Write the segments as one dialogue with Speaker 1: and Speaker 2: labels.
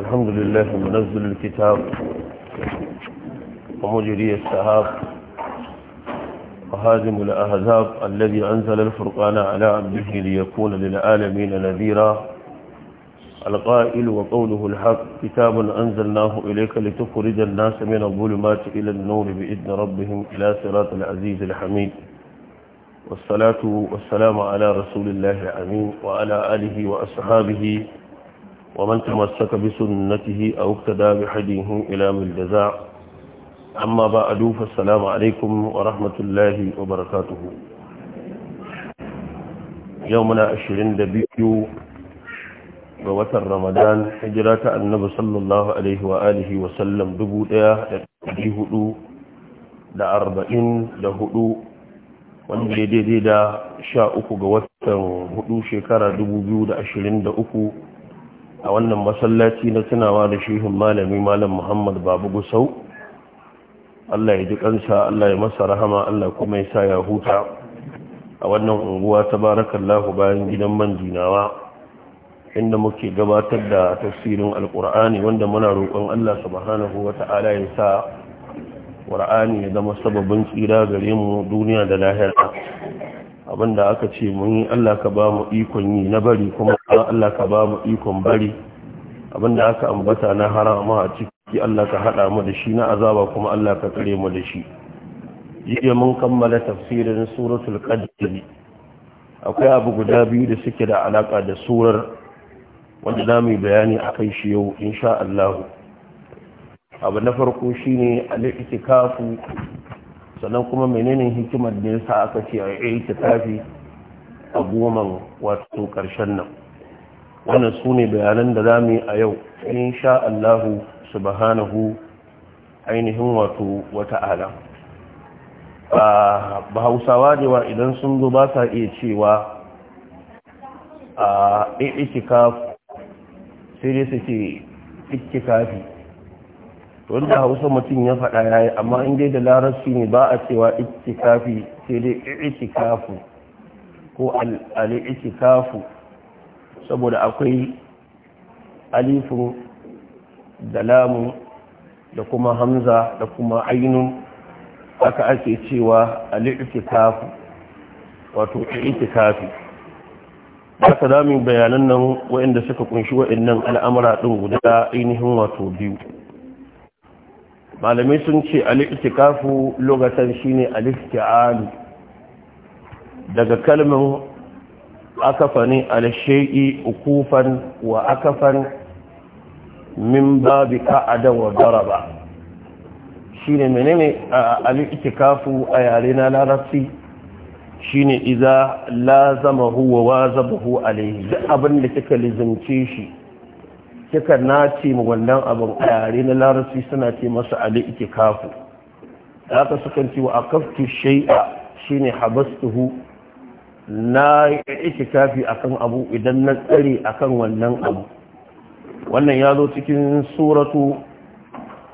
Speaker 1: الحمد لله منزل الكتاب ومجري السحاب وهازم الأهزاب الذي أنزل الفرقان على عبده ليكون للعالمين نذيرا القائل وقوله الحق كتاب أنزلناه إليك لتخرج الناس من الظلمات إلى النور بإذن ربهم إلى صراط العزيز الحميد والصلاة والسلام على رسول الله وأصحابه وعلى آله وأصحابه ومن تمسك بسنته أو اقتدى بحديه إلى من الجزاء أما بعد فالسلام عليكم ورحمة الله وبركاته يومنا عشرين دبيو بوتر رمضان حجرة النبي صلى الله عليه وآله وسلم دبوتا يهدو دا أربعين دهدو wanda daidai da sha uku ga watan hudu shekara dubu biyu da ashirin da uku a wannan masallaci na tunawa da shehin malami malam muhammad babu gusau allah ya ji kansa allah ya masa rahama allah kuma ya sa ya huta a wannan unguwa ta barakallahu bayan gidan man jinawa inda muke gabatar da tafsirin alkur'ani wanda muna roƙon allah subhanahu wa ta'ala ya sa ƙur'ani ya zama sababin tsira gare mu duniya da lahira abinda aka ce mun yi Allah ka ba mu ikon yi na bari kuma Allah ka ba mu ikon bari abinda aka ambata na harama a ciki Allah ka haɗa mu da shi na azaba kuma Allah ka tsare mu da shi jiya mun kammala tafsirin suratul qadr akwai abu guda biyu da suke da alaka da surar wanda za mu bayani a kai shi yau insha Allah abu na farko shine al iktikafu sannan kuma menene hikimar da yasa aka ce a yi tafi a goma wato karshen nan wannan su ne bayanan da za mu a yau insha Allahu subhanahu ainihin wato wata wata'ala ba hausawa wa idan sun zo ba sa iya cewa a ikikaf sai dai su ce ikikafi wanda hausa mutum ya faɗa ya yi amma in dai da larabci ne ba a cewa itikafi sai dai itikafu ko al'itikafu saboda akwai alifin da lamun da kuma hamza da kuma ainun haka ake cewa al'itikafu wato itikafi haka za mu bayanan nan waɗanda suka kunshi waɗannan al'amura ɗin guda ainihin wato biyu malamai sun ce al'itikafu lokacin shine al-isti'alu daga kalmin akafani ne al ukufan wa akafan min babi ka'adan wa daraba shine menene al a yare na larabci shine iza lazamahu wa wazabahu alayhi abin da kika lizumce shi kika ce mu wannan abin a yare na larabci suna ce masa ali ike kafu haka sukan ce wa akaftu shay'a shine habastuhu na ike kafi akan abu idan na tsare akan wannan abu wannan ya zo cikin suratu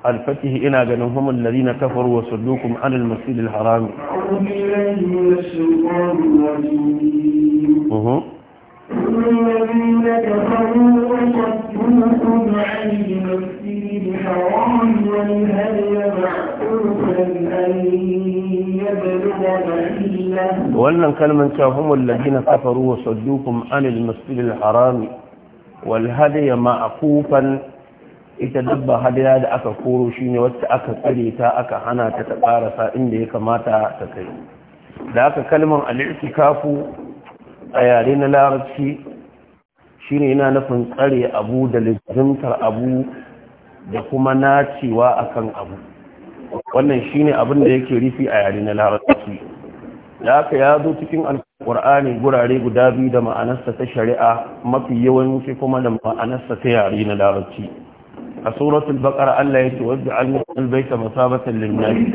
Speaker 1: الفتح إلى جنهم الذين كفروا وصدوكم عن المسجد الحرام
Speaker 2: أعوذ بالله من الشيطان الرجيم
Speaker 1: وأن كلمة هم الذين كفروا وصدوكم عن المسجد الحرام والهدي معقوفا يتدبى هدي هذا أكا كورو شيني واتا أكا كريتا أكا حنا تتقارسا إن ديك ماتا تكريم ذاك كلمة الاعتكاف a yare na larabci shi ne yana nufin tsare abu da lizimtar abu da kuma nacewa akan abu wannan shi ne abin da yake rufi a yare na larabci da aka ya zo cikin alkur'ani gurare guda biyu da ma'anarsa ta shari'a mafi yawanci kuma da ma'anarsa ta yare na larabci a suratul baqara Allah yake wadda an yi baita masabatan lin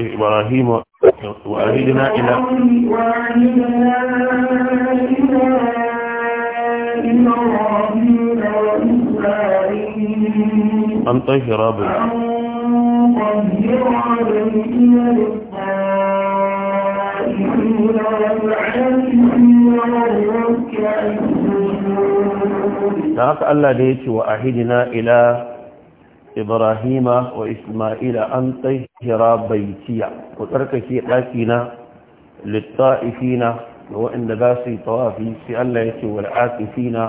Speaker 1: إبراهيم
Speaker 2: وأهدنا إلى
Speaker 1: أن طهر به أن طهر به أن طهر به أن طهر به أن طهر به إبراهيم وإسماعيل أن بيتيا وترك في آتنا للطائفين وإن باسي طوافي في لا يتوى العاكفين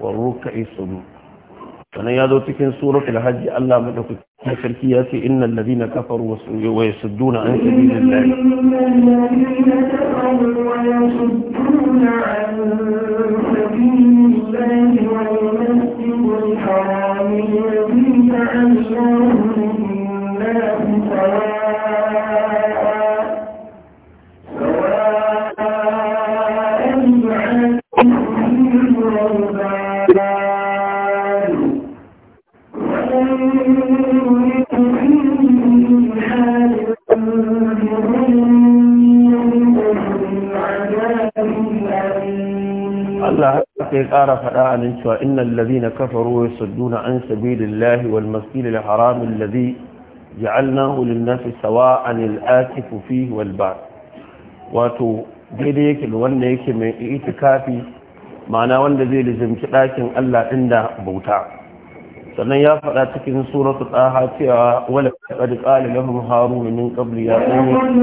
Speaker 1: والركع يا فنيادو تكن سورة الحج ألا مدك الشركيات إن الذين كفروا ويسدون عن سبيل الله
Speaker 2: إن الذين كفروا ويسدون عن سبيل الله والمسجد الحرام
Speaker 1: haka ya ƙara faɗa a nan cewa innal ladhina kafaru yasudduna an sabilillahi wal masjidil haram alladhi ja'alnahu lin-nasi sawa'an al-akifu fihi wal ba'd wato daidai yake da wanda yake mai itikafi ma'ana wanda zai lizimci ɗakin Allah ɗin da bauta sannan ya faɗa cikin suratu ɗaha cewa wala qad qala lahum harun min qabli ya qawmi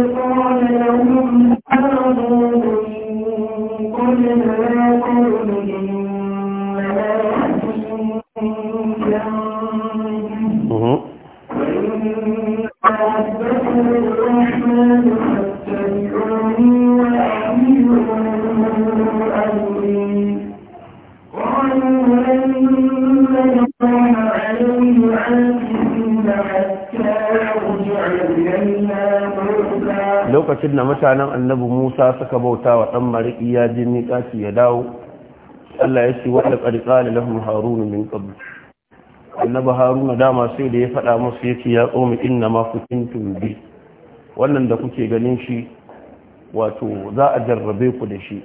Speaker 1: lokacin da mutanen annabi Musa suka bauta wa ɗan mariki ya je miƙaci ya dawo Allah ya ce wanda ƙarƙa da lahum haruna min qabl annabi haruna dama sai da ya faɗa musu yake ya qaumi inna ma kuntum bi wannan da kuke ganin shi wato za a jarrabe ku da shi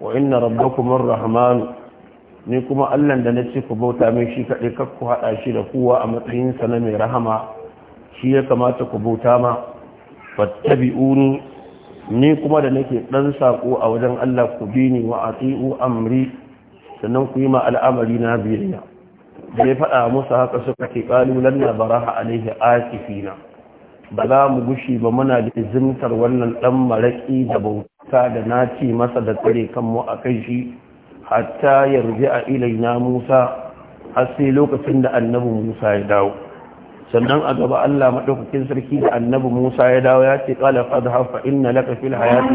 Speaker 1: wa inna rabbakum ar-rahman ni kuma Allah da nace ku bauta mai shi kadai kar ku hada shi da kowa a matsayin sa na mai rahama shi ya kamata ku bauta ma fattabi'uni ni kuma da nake dan sako a wajen Allah ku bi ni wa ati'u amri sannan ku yi ma al'amari na biyayya da ya faɗa musu haka suka ke ƙalulan na baraha alaihi akifina ba za mu gushi ba muna da izimtar wannan ɗan maraƙi da bauta da naci masa da tsare kanmu a kai shi hatta yarji a ilaina musa har sai lokacin da annabi musa ya dawo sannan a gaba allah maɗaukakin sarki da annabi musa ya dawo ya ce ƙala fada hafa inna laka fil hayati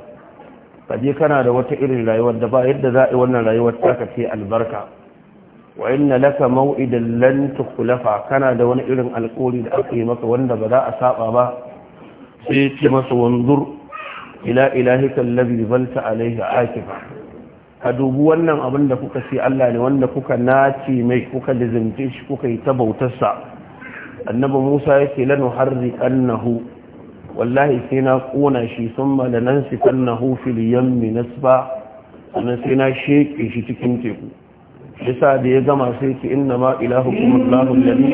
Speaker 1: ka je kana da wata irin rayuwar da ba yadda za a yi wannan rayuwar taka ce albarka wa inna laka maw'idan lan tukhlafa kana da wani irin alƙawari da aka yi maka wanda ba za a saba ba sai ce masa wanzur ila ilahika allazi zalta alaihi akifa ka dubi wannan abin da kuka ce Allah ne wanda kuka nace mai kuka lizimce shi kuka yi ta bautarsa annabi Musa yake lanu harri annahu wallahi sai na kona shi sun malanan sikan na hufil yammi nasba sannan sai na sheƙe shi cikin teku bisa da ya gama sai ce inna ma ilahu kuma allahu lalli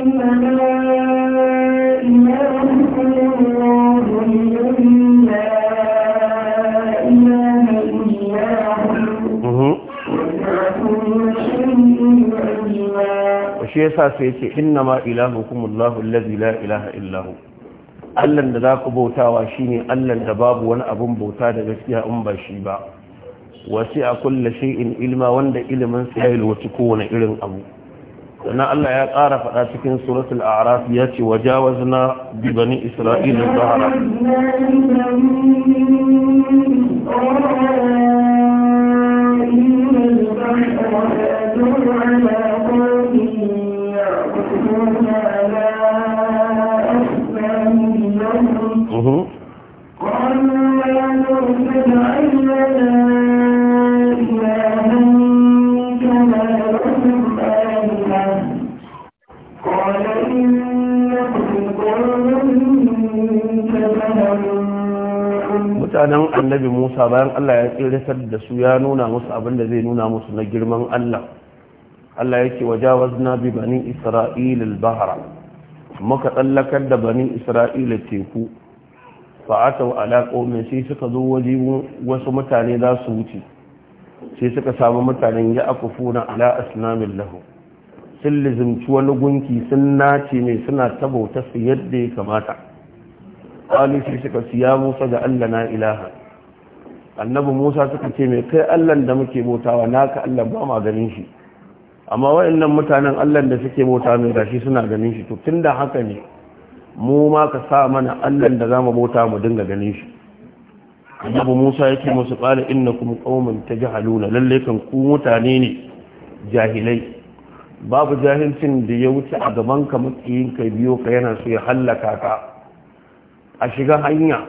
Speaker 1: shi yasa sai ce inna ma ilahu kuma allahu lalli la ilaha illahu allan da za ku bautawa shine allan da babu wani abun bauta da gaskiya in ba shi ba wasi a kulla shay'in ilma wanda ilimin sa ya ilwaci kowane irin abu sannan Allah ya ƙara faɗa cikin suratul a'raf ya ce wajawazna bi bani
Speaker 2: isra'ila zahara Thank you. Mm-hmm.
Speaker 1: mutanen annabi musa bayan allah ya tsirrisar da su ya nuna musu abin da zai nuna musu na girman allah allah yake wajawaz na bi bani isra'ilil bahara muka tsallakar da bani isra'ila teku fa'atau ala mai sai suka zo waje wasu mutane za su wuce sai suka samu mutanen ya akufuna ala asnamin lahu sun lizimci wani gunki sun nace ne suna tabauta su yadda ya kamata ƙwali sai suka siya musa ga allah na ilaha annabi musa suka ce mai kai allah da muke bautawa naka allah ba ma ganin shi amma waɗannan mutanen Allah da suke bauta mai gashi suna ganin shi to tunda haka ne mu ma ka sa mana Allah da zamu bauta mu dinga ganin shi annabi Musa yake musu qala innakum qauman tajhaluna lalle kan ku mutane ne jahilai babu jahilcin da ya wuce a gaban ka matsayin kai biyo ka yana so ya hallaka ka a shiga hanya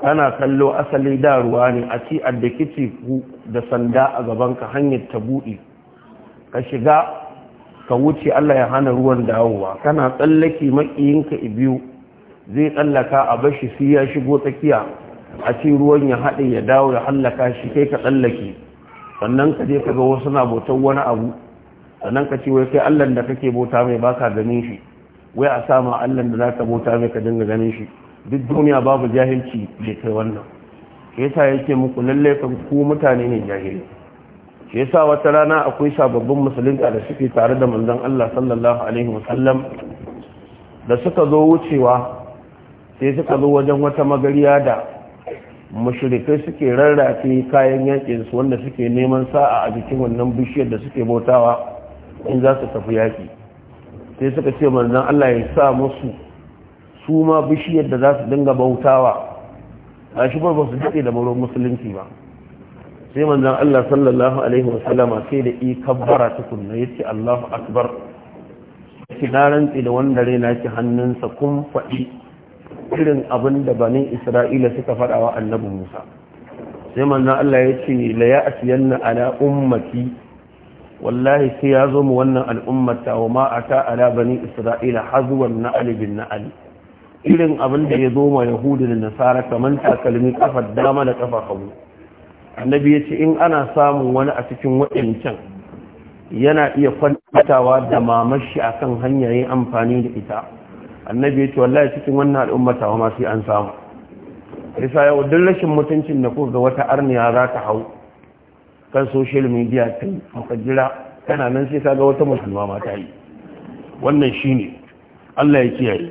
Speaker 1: kana kallo asali da ruwa ne a ci addakici ku da sanda a gaban ka hanyar ta buɗe ka shiga ka wuce Allah ya hana ruwan dawowa kana tsallake makiyinka biyu zai tsallaka a bashi su ya shigo tsakiya a ce ruwan ya haɗe ya dawo ya hallaka shi kai ka tsallake sannan ka je ka ga wasu na bautar wani abu sannan ka ce wai kai Allah da kake bauta mai baka ganin shi wai a sama Allah da zaka bauta mai ka dinga ganin shi duk duniya babu jahilci mai kai wannan yasa yake muku lalle kan ku mutane ne jahili shi yasa wata rana akwai sababbin musulunta da suke tare da manzon Allah sallallahu alaihi wasallam da suka zo wucewa sai suka zo wajen wata magariya da mushirikai suke rarrafe kayan yakin su wanda suke neman sa'a a jikin wannan bishiyar da suke bautawa in za su tafi yaki sai suka ce manzon Allah ya sa musu su ma bishiyar da za su dinga bautawa a shi ba su daɗe da baro musulunci ba sai manzan Allah sallallahu alaihi wasallama sai da ikabbara kabbara ya ce Allahu akbar ki na rantsi da wanda raina ki hannunsa kun faɗi irin abin da banin Isra'ila suka faɗa wa annabi Musa sai manzon Allah yace la ya'tiyanna ala ummati wallahi sai ya zo mu wannan al'ummata wa ma ata ala bani Isra'ila na na'al na Ali. irin abin da ya zo ma Yahudu da Nasara kamar takalmi kafar dama da kafa hagu annabi ya ce in ana samun wani a cikin waɗancan yana iya kwantawa da mamashi a kan hanyoyin amfani da ita annabi ya ce wallahi cikin wannan al'ummata wa masu an samu isa yau duk rashin mutuncin da kuka ga wata arniya za ta hau kan social media ta makajira tana nan sai ka ga wata musulma mata yi wannan shine Allah ya kiyaye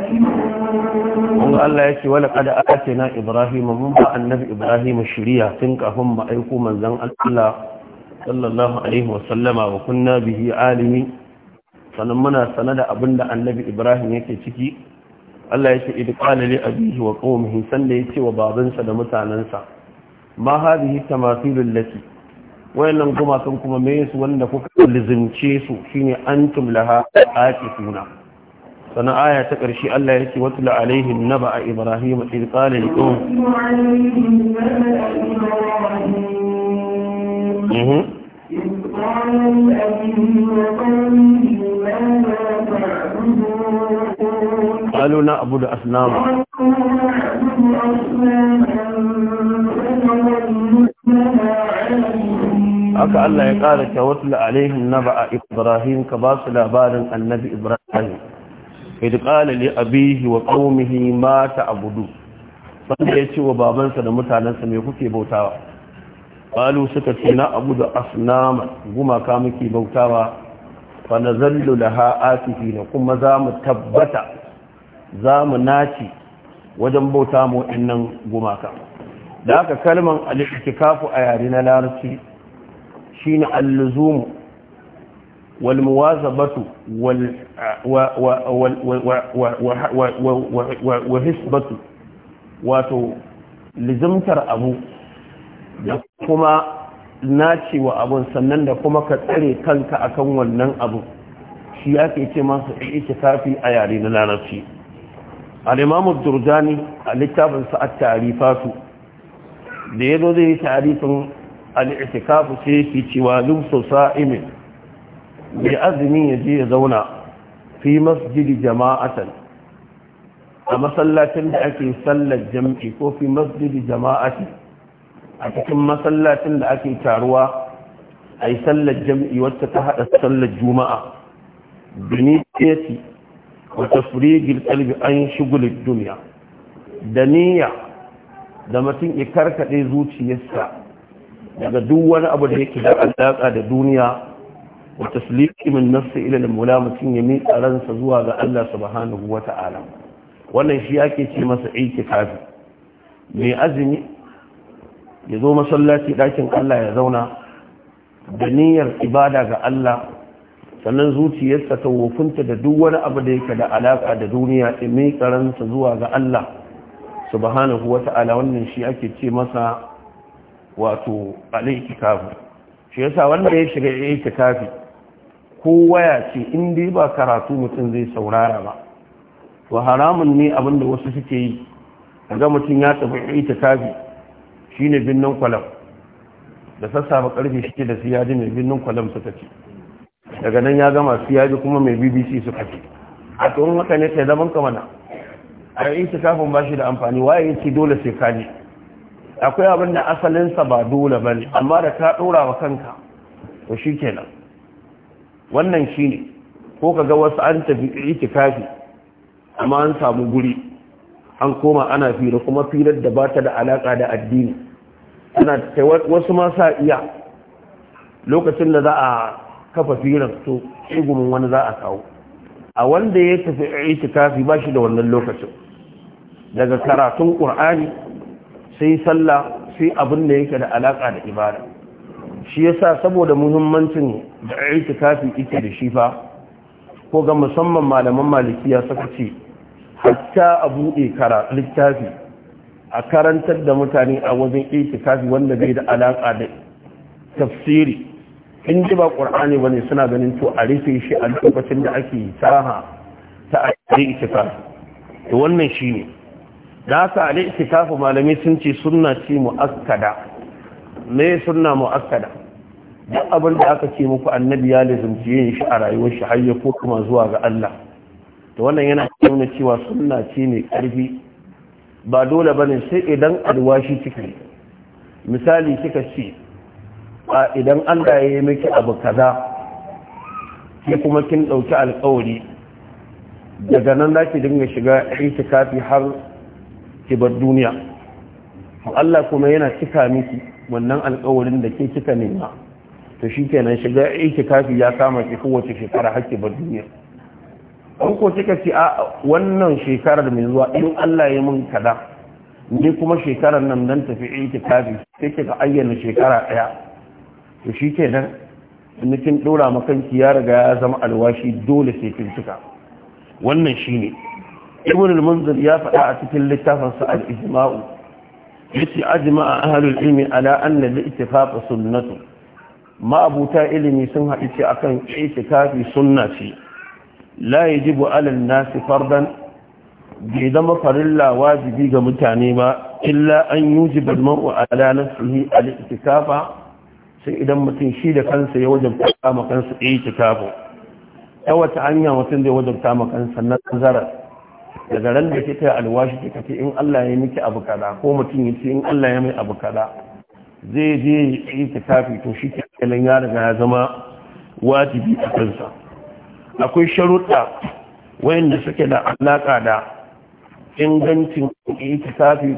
Speaker 1: Allah ya ce wala ake na ibrahim mun ba annabi ibrahim shiriya tun kafin mu aiko manzon Allah sallallahu alaihi wa sallama wa kunna bihi alimi sanan muna sanar da abinda annabi ibrahim yake ciki Allah ya ce id qala li abihi wa qaumihi sanda yace wa babansa da mutanansa ma hadhihi tamathilul lati wayannan gumakan kuma me su wanda kuka lizimce su shine antum laha aqifuna sannan aya ta ƙarshe Allah ya ce watula alaihim na ba a ibrahim a tsirƙali da ƙon قالوا da أصناما Aka Allah ya ƙara wasu alaihim na ba a ibrahim ka ba su labarin annabi ibrahim idh qala li abihi wa qaumihi ma ta'budu wanda ya ce wa babansa da mutanensa me kuke bautawa qalu suka ce na abudu asnama gumaka muke bautawa fa da laha na kuma za mu tabbata za mu naci wajen bauta mu innan gumaka da aka kalman al a yare na shine al-luzumu والمواظبة والحسبة wato lizimtar abu da kuma naci wa abun sannan da kuma ka tsare kanka akan wannan abu shi yake ce masu ike kafi a yare na larabci al-imamu a littafin sa at-tarifatu da yazo zai yi tarifin al-i'tikafu sai yake cewa lumsu sa'imin bi azumi ya je ya zauna fi masjidi jama'atan a masallacin da ake sallar jam'i ko fi masjidi jama'ati a cikin masallacin da ake taruwa a yi sallar jam'i wacce ta haɗa sallar juma'a bini teti wata tafrigil kalbi an shigulin duniya da niyya da mutum ya karkaɗe zuciyarsa daga duk wani abu da yake da alaƙa da duniya wa taslimin nafsi ila al-mula mutum ya miƙa zuwa ga Allah subhanahu wata'ala wannan shi yake ce masa itikafi Me azumi ya zo masallaci ɗakin Allah ya zauna da niyyar ibada ga Allah sannan zuciyarsa ta wofinta da duk wani abu da yake da alaka da duniya ya miƙa ransa zuwa ga Allah subhanahu wata'ala wannan shi ake ce masa wato alaiki shi yasa wanda ya shiga ya yi kafi ko waya ce in dai ba karatu mutum zai saurara ba to haramun ne abinda wasu suke yi ga mutum ya tafi ita Shi shine binnan kwalam da sassafe karfe shike da siyaji mai binnan kwalam su tafi. daga nan ya gama siyaji kuma mai bbc su kafi a tsohon haka ne sai zaman kamana a yi itikafin ba shi da amfani waye yake dole sai kaji akwai abin da asalinsa ba dole ba ne amma da ka ɗora wa kanka to shi kenan wannan shi ne, ko kaga wasu an tafi kafi, amma an samu guri an koma ana fira kuma firar da ba ta da alaka da addini ana wasu ma sa iya lokacin da za a kafa firar to tsigumin wani za a kawo a wanda ya tafi kafi ba shi da wannan lokacin daga karatun ƙur'ani sai sallah sai abin da yake da alaka da ibada shi yasa saboda muhimmancin da itikafi ita da shi fa ko ga musamman malaman malikiya suka ce hatta a buɗe kara littafi a karantar da mutane a wajen itikafi wanda bai da alaƙa da tafsiri in ji ba ƙur'ani bane suna ganin to a rufe shi a lokacin da ake taha ta ajiye itikafi to wannan shi ne. da haka a malamai sun ce suna ce mu'akkada me sunna mu'akkada duk abin da aka ce muku annabi ya lazumci yin shi a rayuwar shi har ya kuma zuwa ga Allah to wannan yana nuna cewa sunna ce ne karfi ba dole bane sai idan alwashi kike misali kika ce a idan Allah ya yi miki abu kaza ki kuma kin dauki alƙawari daga nan zaki dinga shiga itikafi har ki bar duniya Allah kuma yana cika miki wannan alkawarin da ke kika nema to shi kenan shiga kafi ya kama ki kowace shekara hakki ba duniya an ko kika ce a wannan shekarar mai zuwa in Allah ya mun kada ni kuma shekarar nan dan tafi kafi sai kika ayyana shekara ɗaya. to shi kenan in kin dora makanki ya riga ya zama alwashi dole sai kin cika wannan shine ibn al-munzir ya faɗa a cikin littafinsa al-ijma'u yace a ahlul ilmi ala anna al-ittifaq sunnatu ma abuta ilimi sun haɗu ce akan itikafi sunna ce la yajibu ala nasi fardan bai zama farilla wajibi ga mutane ba illa an yujibu al-mar'u ala nafsihi al-itikafa sai idan mutum shi da kansa ya wajabta ma kansa itikafa ta wata hanya mutum zai wajabta ma kansa nazarar daga ran da ke yi alwashi kika ce in Allah ya miki abu kaza ko mutum ya ce in Allah ya mai abu kaza zai je ya yi tafi to shi ke kenan ya riga ya zama wajibi a kansa akwai sharuɗa wayanda suke da alaƙa da ingancin yi itikafi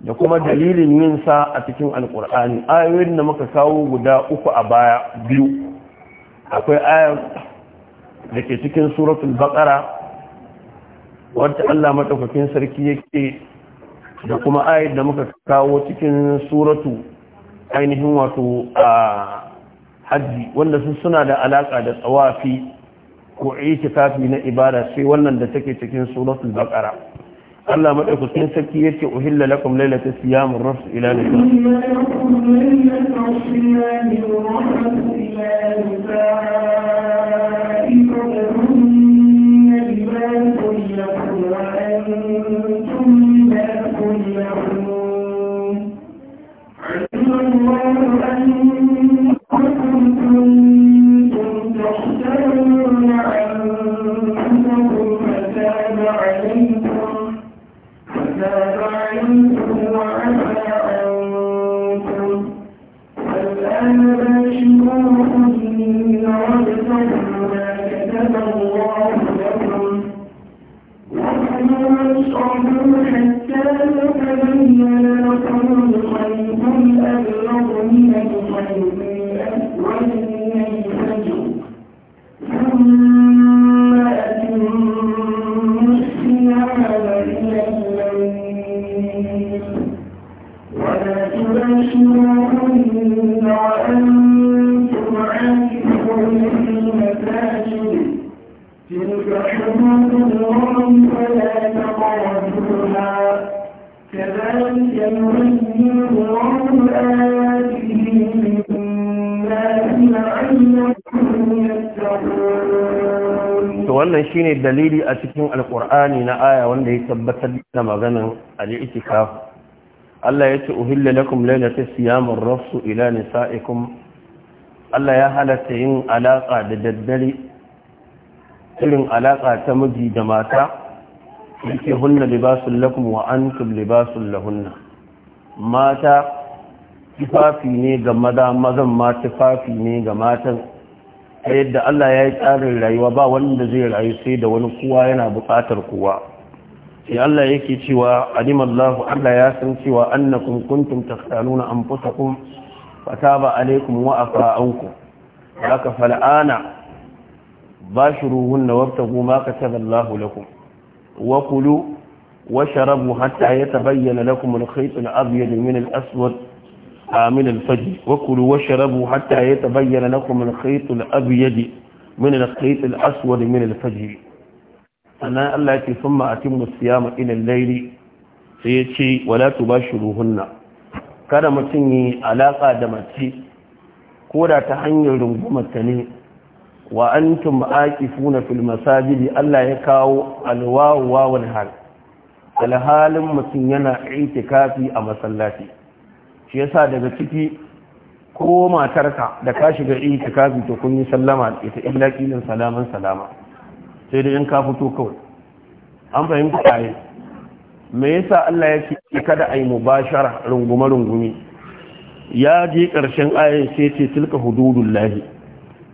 Speaker 1: da kuma dalilin yin sa a cikin alƙur'ani ayoyin da muka kawo guda uku a baya biyu akwai ayar da ke cikin suratul baqara wanda Allah maɗaukakin sarki yake da kuma ayat da muka kawo cikin suratu ainihin wato a hajji wanda sun suna da alaka da tsawafi ko kafi na ibada sai wannan da take cikin suratu baqara Allah maɗaukakin sarki yake uhilla lakum laylata siyam ar-rafs ila
Speaker 2: nisaa
Speaker 1: wannan shine dalili a cikin alkur'ani na aya wanda ya tabbatar da maganan al-itikaf Allah ya ce uhilla lakum lailatas siyamir rafsu ila nisaikum Allah ya halatta yin alaka da daddare irin alaka ta miji da mata yake hunna libasul lakum wa antum libasul lahunna mata tufafi ne ga maza mazan ma tufafi ne ga matan A yadda Allah ya yi tsarin rayuwa ba wanda zai rayu sai da wani kowa yana buƙatar kowa sai Allah yake cewa alimallahu Allah ya san cewa annakum kuntum takhtanuna anfusakum fataba alaikum wa afa ankum haka fal'ana bashiruhunna wabtagu ma kataballahu lakum wa kulu washrabu hatta yatabayyana lakum al-khayt al-abyad min al-aswad من الفجر وكلوا واشربوا حتى يتبين لكم الخيط الأبيض من الخيط الأسود من الفجر أنا الله يكي ثم أتم الصيام إلى الليل سيتي ولا تباشروهن kada mutum yi alaƙa da mace ko da ta hanyar rungumata ne wa an tum'aki funa fil masajidi Allah ya kawo alwawu wawan alhalin mutum yana itikafi a masallaci shi yasa daga ciki ko matarka da ka shiga itikafi to kun yi sallama ita illa kilin salaman salama sai da in ka fito kawai an fahimta ayi me yasa Allah ya ce kada ai mubashara runguma rungumi ya je karshen ayin sai ce tilka hududullahi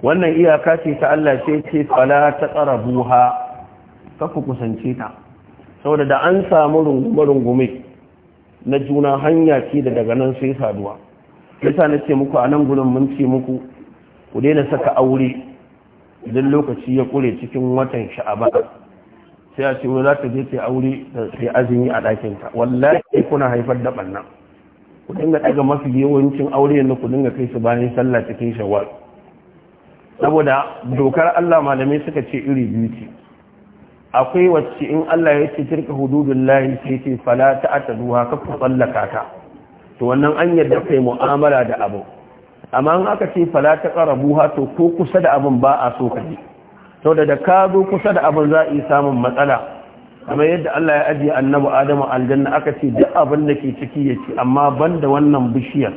Speaker 1: wannan iyaka ce ta Allah sai ce fala Ka ku kusance ta saboda da an samu runguma rungumi na juna hanya ce da daga nan sai saduwa yasa na ce muku a nan gurin mun ce muku ku daina saka aure idan lokaci ya kure cikin watan sha'aba sai a ce wai za ta je ta aure da sai azumi a ɗakinta wallahi kuna haifar da ɓanna ku dinga daga mafi yawancin aure yanzu ku dinga kai su bayan sallah cikin shawar. saboda dokar Allah malamai suka ce iri biyu ce akwai wacce in Allah ya ce hududun lahi sai ce fala a ka ku tsallaka ta to wannan an yadda kai mu'amala da abu amma in aka ce fala ta buha to ko kusa da abin ba a so ka ji. to da ka zo kusa da abin za a yi samun matsala amma yadda Allah ya ajiye annabi Adamu aljanna aka ce duk abin da ke ciki ya ci amma ban da wannan bishiyar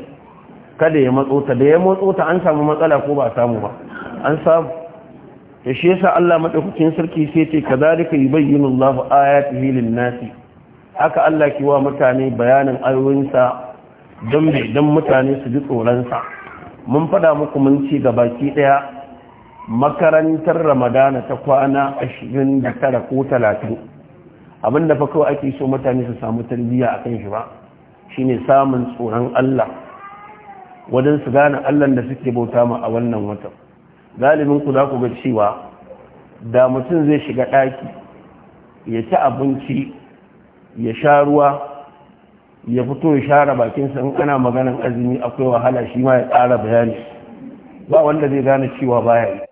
Speaker 1: kada ya matso da ya matso ta an samu matsala ko ba samu ba an samu ya shi yasa Allah madaukakin sarki sai ce kadhalika yubayyinu Allah ayatihi lin-nasi haka Allah ke wa mutane bayanin ayoyinsa don bai don mutane su ji tsoronsa mun fada muku mun ci ki daya makarantar Ramadana ta kwana 29 ko 30 abinda fa kawai ake so mutane su samu tarbiyya akan shi ba shine samun tsoron Allah wajen su gane Allah da suke bauta ma a wannan watan galibin ku za ku ga cewa da mutum zai shiga ɗaki ya ci abinci ya sha ruwa ya fito ya share bakinsa in ana maganin azumi akwai wahala shi ma ya tsara bayani ba wanda zai gane cewa baya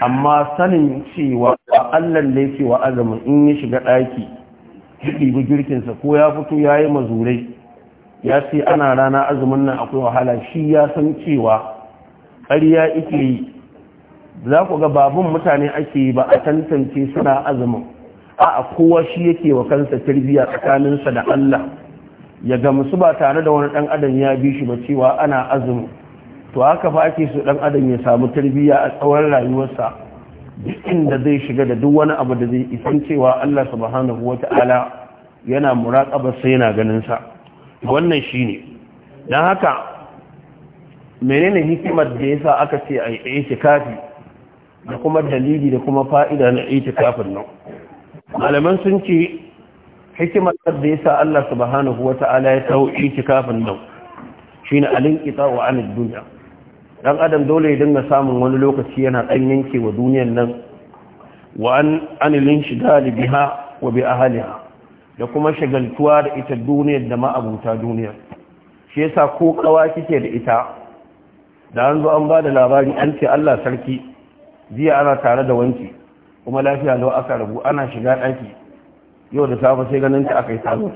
Speaker 1: amma sanin cewa Allah da yake wa azumin in ya shiga ɗaki ya ɗibi girkinsa ko ya fito ya yi mazurai ya ce ana rana azumin nan akwai wahala shi ya san cewa ƙarya ike yi za ku ga babun mutane ake ba a tantance suna azumin a kowa shi yake wa kansa tarbiyya tsakaninsa da Allah ya musu ba tare da wani ɗan adam ya bi shi ba cewa ana azumin. to haka fa ake so ɗan adam ya samu tarbiyya a tsawon rayuwarsa duk inda zai shiga da duk wani abu da zai isan cewa Allah subhanahu wata'ala yana muraqaba sai yana ganin sa wannan shine dan haka menene hikimar da yasa aka ce a ai kafi? da kuma dalili da kuma fa'ida na kafin nan malaman sun ce hikimar da ya sa Allah su subhanahu ta’ala ya iti kafin nan na alin ita wa anid duniya? dan adam dole ya dinga samun wani lokaci yana ɗan yanke wa duniyar nan wa an anilin shidali biha wa bi ahliha da kuma shagaltuwa da ita duniyar da ma'abuta duniya. shi ya sa ko kawa kike da ita da an zo an ba da labari an ce Allah sarki jiya ana tare da wanki kuma lafiya lau aka rabu ana shiga daki yau da safe sai ganin ta aka yi taro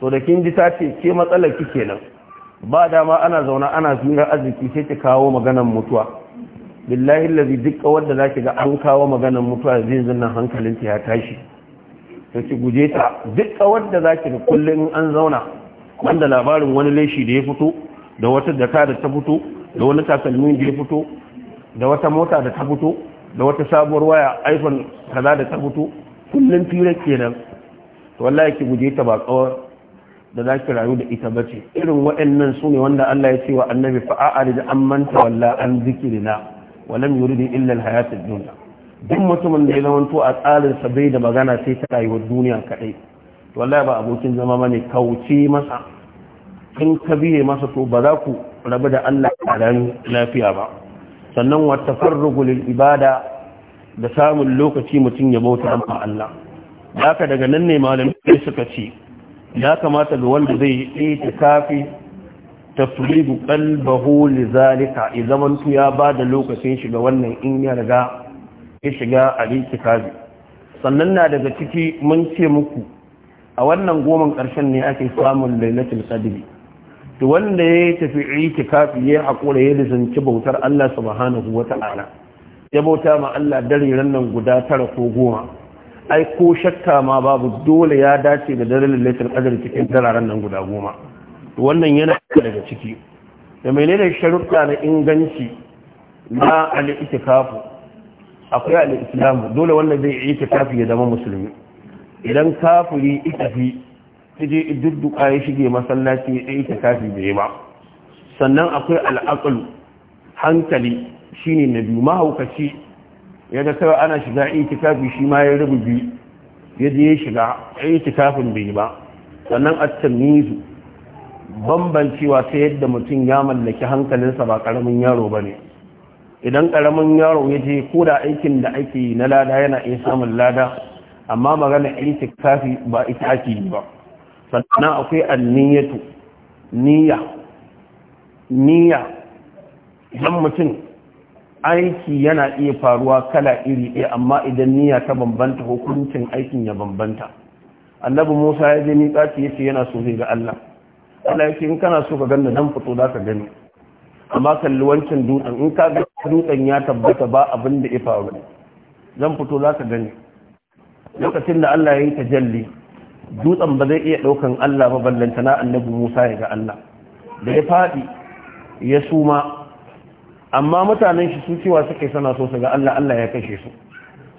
Speaker 1: to da kin ji ta ce ke matsalar ki kenan ba dama ana zauna ana zuwa arziki sai ki kawo maganar mutuwa billahi allazi duk wanda zaki ga an kawo maganar mutuwa zai zunnan hankalin ya tashi to ki guje ta duk wanda zaki ga kullun an zauna wanda labarin wani leshi da ya fito da wata da da ta fito da wani takalmin da ya fito da wata mota da ta fito da wata sabuwar waya iphone kaza da ta fito kullum fira kenan to wallahi ki guje ta ba kawar da za ki rayu da ita bace irin waɗannan su ne wanda Allah ya ce wa annabi fa'a'ari da an manta walla an zikirina lam yuridi illa alhayatid dunya duk mutumin da ya zamanto a tsarin sa bai da magana sai ta rayuwar duniya kadai to wallahi ba abokin zama bane kauce masa in ka biye masa to ba za ku rabu da Allah a lafiya ba sannan wata farrugulin ibada da samun lokaci mutum ya bauta a Allah haka daga nan ne malamai suka ce ya kamata ga wanda zai yi itikafi tafrigu qalbahu lizalika idan ya ba da lokacin shiga wannan in ya riga ya shiga al-itikafi sannan na daga ciki mun ce muku a wannan goman ƙarshen ne ake samun lailatul qadri to wanda ya tafi kafi ya haƙura ya lisanci bautar Allah subhanahu wata'ala ya bauta ma Allah dariran nan guda tara ko goma ai ko shakka ma babu dole ya dace da dare laifin qadr cikin dararen nan guda goma to wannan yana daga ciki da menene sharuɗa na inganci na al-itikafu akwai al-islam dole wanda zai itikafi ya zama musulmi idan kafiri itafi je idudduka ya shige masallaci ya yi ta kafi da ba sannan akwai al'aqlu hankali shine na biyu mahaukaci ya ga kawai ana shiga itikafi shi ma ya rubu biyu ya je ya shiga itikafin bai ba sannan at-tamyizu bambancewa ta yadda mutum ya mallaki hankalinsa ba karamin yaro bane idan karamin yaro ya je ko da aikin da ake na lada yana iya samun lada amma magana itikafi ba ita ake yi ba sannan akwai anniyatu niyya niyya idan mutum aiki yana iya faruwa kala iri ɗaya amma idan niyya ta bambanta hukuncin aikin ya bambanta annabi musa ya je ni ya ce yana so zai ga allah allah ya ce in kana so ka ganda nan fito za ka gani amma kalli wancan dutsen in ka ga dutsen ya tabbata ba abin da ya faru zan fito za ka gani lokacin da allah ya yi tajalli dutsen ba zai iya ɗaukan Allah ba na annabi Musa ya ga Allah da ya faɗi ya suma amma mutanen shi su cewa suke sana so su ga Allah Allah ya kashe su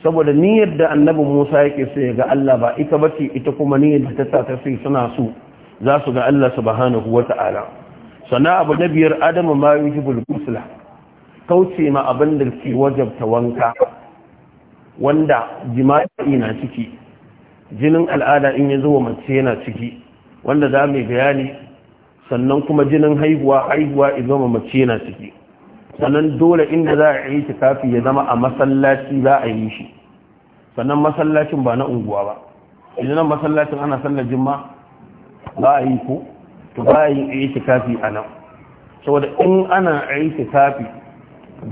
Speaker 1: saboda niyyar da annabi Musa yake so ya ga Allah ba ita ba ce ita kuma niyyar da ta ta sai suna so za su ga Allah subhanahu wata'ala sana abu na biyar adamu ma yujibul kusla kauce ma abin da ke wajabta wanka wanda jima'i na ciki jinin al'ada in ya zuwa mace yana ciki wanda za mu bayani sannan kuma jinin haihuwa haihuwa in zuwa mace yana ciki sannan dole inda za a yi tikafi ya zama a masallaci za a yi shi sannan masallacin ba na unguwa ba idan masallacin ana sallar jimma ba a yi ko to ba a yi tikafi a nan saboda in ana yi tikafi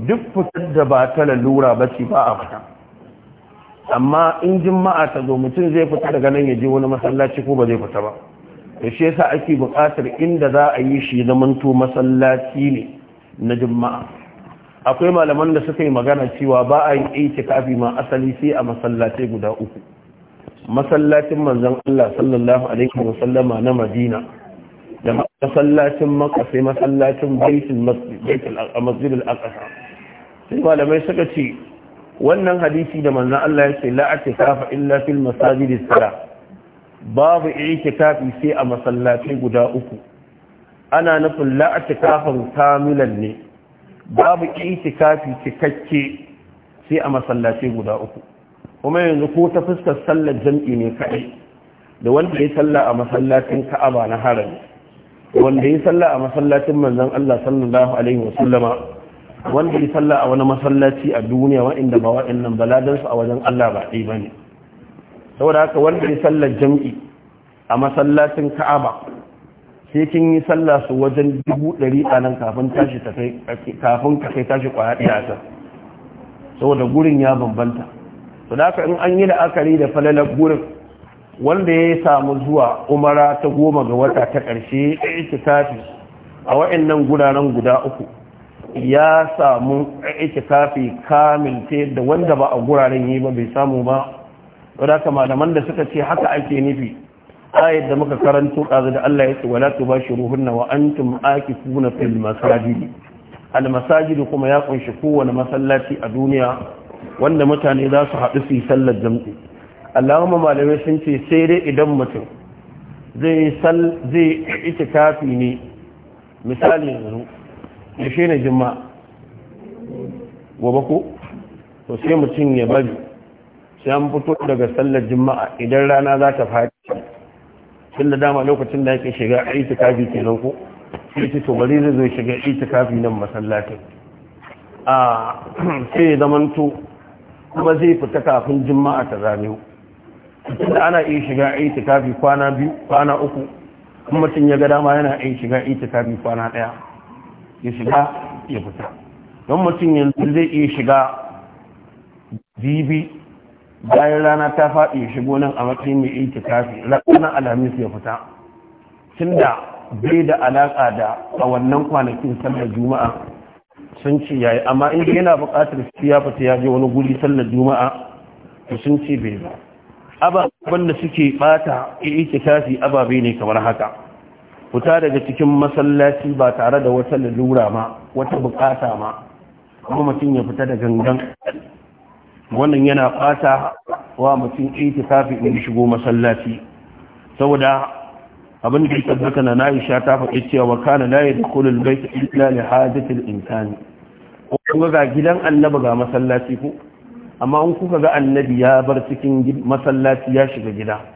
Speaker 1: duk fitar da ba ta lalura ba ce ba a fata amma in Juma'a ta zo mutum zai fita daga nan ya je wani masallaci ko ba zai fita ba to shi yasa ake buƙatar inda za a yi shi to masallaci ne na Juma'a? akwai malaman da suka yi magana cewa ba a yi itikafi ma asali sai a masallaci guda uku masallacin manzon Allah sallallahu alaihi wa sallama na Madina da masallacin Makka sai masallacin Baitul Masjid Baitul aqsa sai malamai suka ce wannan hadisi da manzan Allah ya ce la'atikafa illa fil masajidis sala babu itikafi sai a masallaci guda uku ana nufin la'atikafin kamilan ne babu itikafi cikakke sai a masallaci guda uku kuma yanzu ko ta fuskar sallar jam'i ne kaɗai da wanda ya salla a masallacin ka'aba na harami wanda ya salla a masallacin manzan Allah sallallahu alaihi sallama. wanda ya salla a wani masallaci a duniya wa'inda ba wa'innan baladansu a wajen Allah ba ɗai ba ne saboda haka wanda ya salla jam'i a masallacin ka'aba sai kin yi salla su wajen dubu ɗari a nan kafin tashi kafin ka kai tashi kwaya ɗaya ta saboda gurin ya bambanta to da haka in an yi la'akari da falalar gurin wanda ya samu zuwa umara ta goma ga wata ta ƙarshe ya yi a wa'in guraren guda uku ya samu itikafi kamil ce da wanda ba a guraren yi ba bai samu ba wadda malaman da suka ce haka ake nufi ayat da muka karanto kaza da Allah ya ce wala tubashiruhunna wa antum akifuna fil masajid al masajid kuma ya kunshi kowane masallaci a duniya wanda mutane za su haɗu su yi sallar jam'i Allahumma malamai sun ce sai dai idan mutum zai sal zai itikafi ne misali yanzu ya shi ne jima gobe ko to sai mutum ya bari sai an fito daga sallar jima'a idan rana za ta faɗi tun da dama lokacin da yake shiga ke nan ko sai ce to bari zai zai shiga itikafi nan masallatin a sai ya to kuma zai fita kafin jima'a ta tun da ana iya shiga itikafi kwana biyu kwana uku kuma mutum ya ga dama yana iya shiga itikafi kwana ɗaya. ya shiga ya fita don mutum yanzu zai iya shiga jibi bayan rana ta faɗi ya shigo nan a matsayin mai iya kafi ranar alhamis ya fita tun da bai da alaƙa da a wannan kwanakin sallar juma'a sun ce yayi amma in yana buƙatar su ya fita ya je wani guri sallar juma'a to sun ce bai ba ababen da suke bata ya iya kafi ababe ne kamar haka fita daga cikin masallaci ba tare da wata lalura ma wata bukata ma kuma mutum ya fita da gangan wannan yana fata wa mutum itikafi in shigo masallaci saboda abin da ya tabbata na Aisha ta faɗi cewa kana la yadkhulu al-bayt illa li hajati al Ko kuma ga gidan annabi ga masallaci ko amma in kuka ga annabi ya bar cikin masallaci ya shiga gida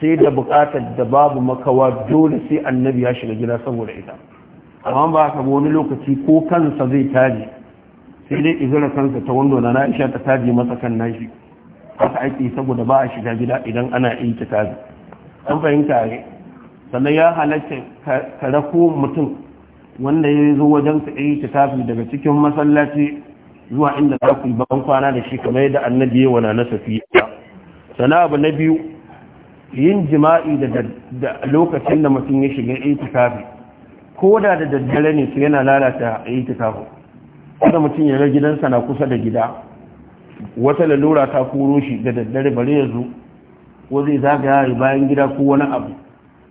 Speaker 1: sai da bukatar da babu makawa dole sai annabi ya shiga gida saboda ita amma ba ka wani lokaci ko kansa zai taji sai dai izira kansa ta wando na Aisha ta taji masa kan nashi haka aiki saboda ba a shiga gida idan ana yin kitabi an fahimta ne sannan ya halatta ka rako mutum wanda ya zo wajen ka yi kitabi daga cikin masallaci zuwa inda za ku yi ban kwana da shi kamar yadda annabi ya wana na safiya sana abu na biyu yin jima'i da lokacin da mutum ya shiga kafi. ko da da daddare ne su yana lalata itikafi kada mutum ya ga gidansa na kusa da gida wata lalura ta koro shi da daddare bari ya zo ko zai zagaya bayan gida ko wani abu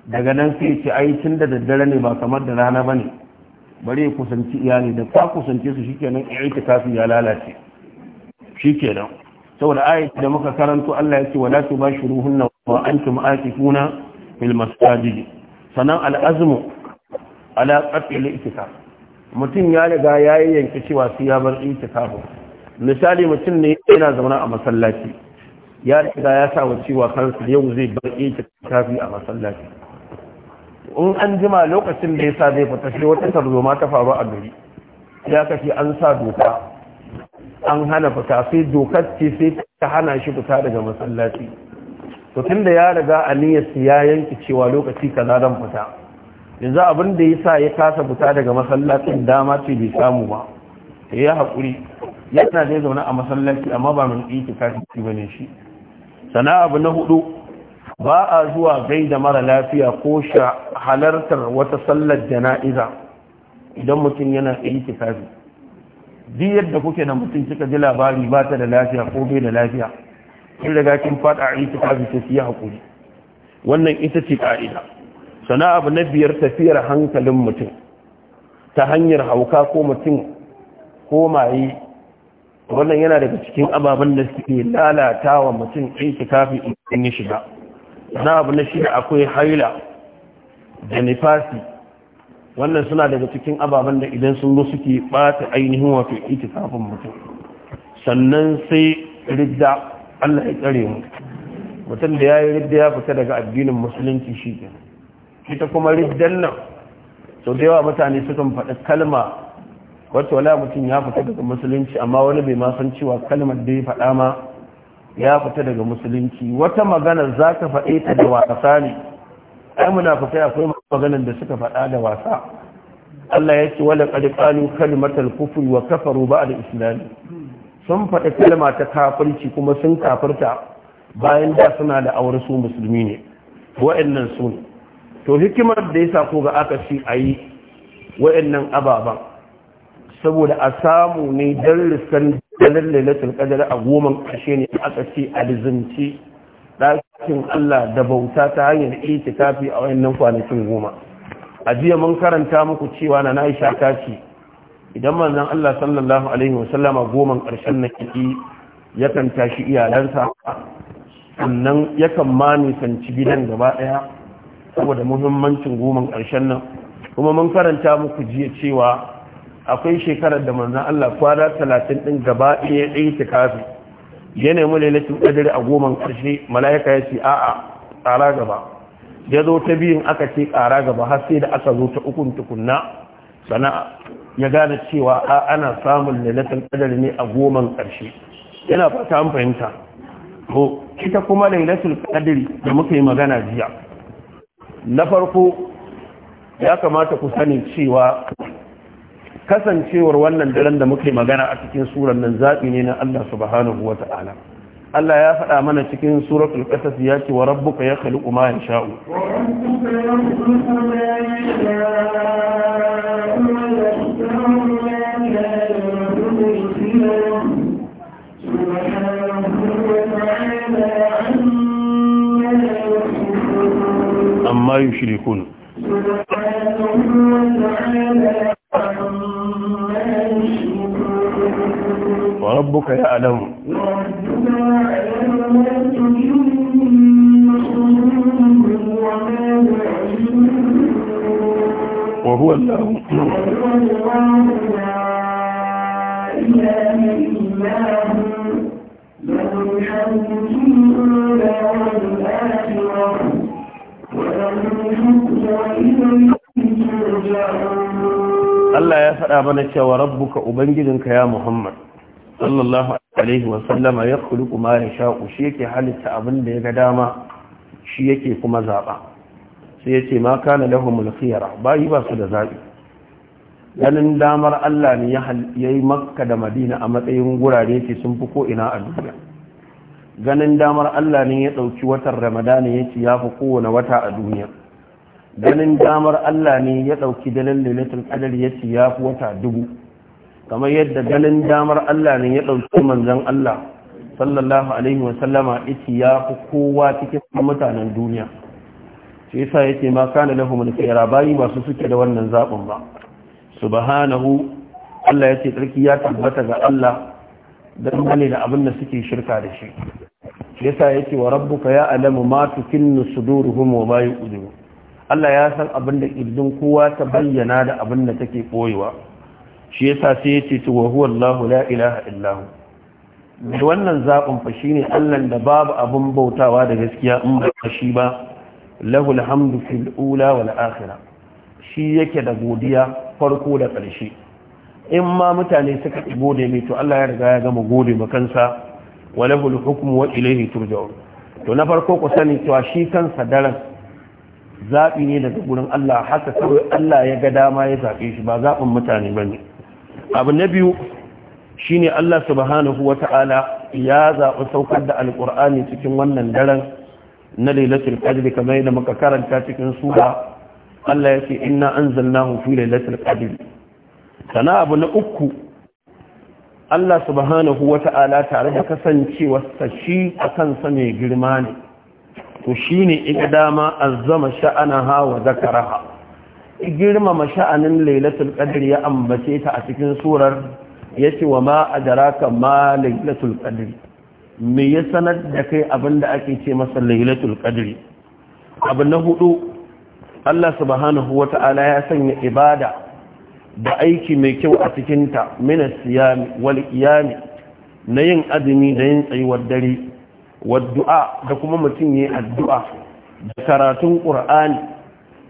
Speaker 1: daga nan sai ce ai tun da daddare ne ba kamar da rana ba ne. bari ya kusanci iyali da ka kusance su shikenan itikafi ya lalace shikenan saboda ayat da muka karanto Allah ya yake wala tubashiruhunna wa antum akifuna fil masajid sanan al'azmu ala qatl itikaf mutum ya riga ya yi cewa sai ya bar itikafu misali mutum ne yana zaune a masallaci ya riga ya sa wa cewa kansa yau zai bar itikafi a masallaci in an jima lokacin da ya sa zai fita shi wata tarzoma ta faru a gari ya kashe an sa doka an hana fita sai dokar ce sai ta hana shi fita daga masallaci to da ya riga aniyarsa ya yanki cewa lokaci kaza zan fita yanzu abin da ya sa ya kasa fita daga masallacin dama ce bai samu ba sai ya haƙuri yana zai zaune a masallaci amma ba mun yi tikati bane shi sana abu na hudu ba a zuwa da mara lafiya ko sha halartar wata sallar jana'iza idan mutum yana yi tikati duk yadda kuke da mutum kika ji labari ba ta da lafiya ko bai da lafiya kin riga kin fada a yi itikafi ta ki hakuri wannan ita ce ka'ida sana abu na biyar tafiyar hankalin mutum ta hanyar hauka ko mutum ko maye wannan yana daga cikin ababen da suke lalata wa mutum itikafi in shiga sana abu na shida akwai haila da nifasi wannan suna daga cikin ababen da idan sun zo suke ɓata ainihin wato itikafin mutum sannan sai ridda Allah ya tsare mu mutum da ya yi ridda ya fita daga addinin musulunci shi ke ita kuma riddan nan sau da yawa mutane suka faɗi kalma wacce wala mutum ya fita daga musulunci amma wani bai ma san cewa kalmar da ya faɗa ma ya fita daga musulunci wata magana za ka faɗe ta da wasa ne ai muna fita akwai maganar da suka faɗa da wasa Allah ya ce wala qad qalu kalimatal kufri wa kafaru da islami sun faɗa kalma ta kafirci kuma sun kafirta bayan da suna da aure su musulmi ne wa'annan su ne to hikimar da ya sako ga aka ci a yi wa'annan ababen saboda a samu ne don riskan dalar a goma kashe ne aka ce a lizimci ɗakin Allah da bauta ta hanyar itikafi a wayannan kwanakin goma a jiya mun karanta muku cewa na Aisha ta ce idan manzan Allah sallallahu alaihi wasallama goman karshen na kiki yakan tashi iyalansa sannan yakan ma nisanci gidan gaba ɗaya saboda muhimmancin goman ƙarshen nan kuma mun karanta muku jiya cewa akwai shekarar da manzan Allah kwana talatin ɗin gaba ɗaya ɗaya ta kafi ya nemi lailatul ƙadiri a goman ƙarshe mala'ika ya ce a'a ƙara gaba ya zo ta biyun aka ce ƙara gaba har sai da aka zo ta ukun tukunna sana'a ya gane cewa a ana samun lalatar kadar ne a goma ƙarshe yana fata an fahimta ko ita kuma lailatul kadar da muka yi magana jiya na farko ya kamata ku sani cewa kasancewar wannan daren da muka yi magana a cikin suran nan zaɓi ne na Allah subhanahu wa ta'ala Allah ya faɗa mana cikin suratul qasas ya ce wa rabbuka yakhluqu ma yasha'u amma yushrikun
Speaker 2: subhanahu wa ta'ala amma yushrikun
Speaker 1: وربك يعلم
Speaker 2: وهو الله لا إله إلا هو له الحمد
Speaker 1: cewa rabbuka ubangijinka يا محمد sallallahu alaihi wasallama ya kuluku kuma ya sha'u shi yake halitta abin da ya ga dama shi yake kuma zaɓa sai ya ce ma kana lahu mulkiyara bayi ba su da zaɓi ganin damar Allah ne ya yi makka da madina a matsayin gurare ke sun fi ko'ina a duniya ganin damar Allah ne ya ɗauki watan ramadana ya ce ya fi kowane wata a duniya ganin damar Allah ne ya ɗauki dalilin lalatin adal ya ce ya fi wata dubu kamar yadda ganin damar Allah ne ya ɗauki manzan Allah sallallahu alaihi wasallama iti ya fi kowa cikin mutanen duniya shi yasa yake ma kana lahu mun khaira bayi masu suke da wannan zabin ba subhanahu Allah yace tsarki ya tabbata ga Allah dan ne da abin da suke shirka da shi shi yasa yake wa rabbuka ya alamu ma tukinnu suduruhum wa ma yuqdiru Allah ya san abin da ƙirjin kowa ta bayyana da abin da take ɓoyewa shi yasa sai ya ce to wa huwa Allahu la ilaha illa wannan zaɓin fa ne Allah da babu abin bautawa da gaskiya in ba shi ba lahu alhamdu fil ula wal akhira shi yake da godiya farko da ƙarshe in ma mutane suka gode mai to Allah ya riga ya gama gode ma kansa wa lahu alhukmu wa ilayhi turja'un to na farko ku sani cewa shi kansa daren zaɓi ne daga gurin Allah haka kawai Allah ya ga dama ya zaɓe shi ba zaɓin mutane bane abu na biyu shine Allah subhanahu Ta'ala ya zaɓi saukar da alƙur'ani cikin wannan daren na lailatul qadr kamar yadda muka karanta cikin sura Allah ya ce inna anzalnahu fi lailatul qadr sana abu na uku Allah subhanahu Ta'ala tare da kasancewa shi akan kansa mai girma ne to shine iga dama azzama sha'anaha hawa zakaraha girmama sha'anin lailatul qadr ya ambace ta a cikin surar yace wa ma adraka ma lailatul qadr me ya sanar da kai abinda ake ce masa lailatul qadr abu na hudu Allah subhanahu wata'ala ya sanya ibada da aiki mai kyau a cikin ta min siyami wal qiyami na yin azumi da yin tsayuwar dare wa du'a da kuma mutum yayin addu'a da karatun qur'ani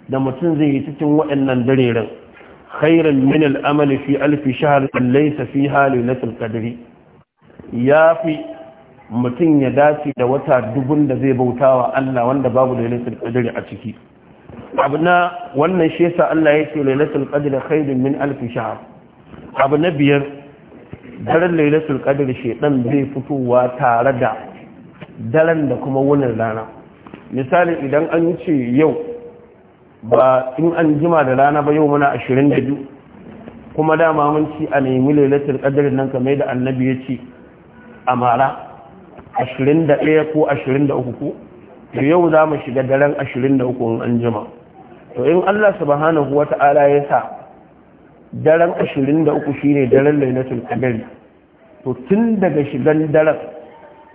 Speaker 1: da mutum zai yi cikin waɗannan darerin khairan min al-amali fi alfi shahr laysa fi halilatul qadri fi mutum ya dace da wata dubun da zai bautawa Allah wanda babu lailatul qadri a ciki wannan shi yasa Allah ya ce lailatul qadri khairun min alf shahr abu na biyar daren lailatul shi shedan zai fitowa tare da daren da kuma wannan rana misali idan an ce yau ba in an jima da rana ba yau muna ashirin da biyu kuma dama mun ci a nemi lailatul qadr nan kamar da annabi ya ce a mara ashirin da ɗaya ko ashirin da uku ko to yau za mu shiga daren ashirin da uku in an jima to in Allah subhanahu wa ta'ala ya sa daren ashirin da uku shine daren lailatul qadr to tun daga shigan daren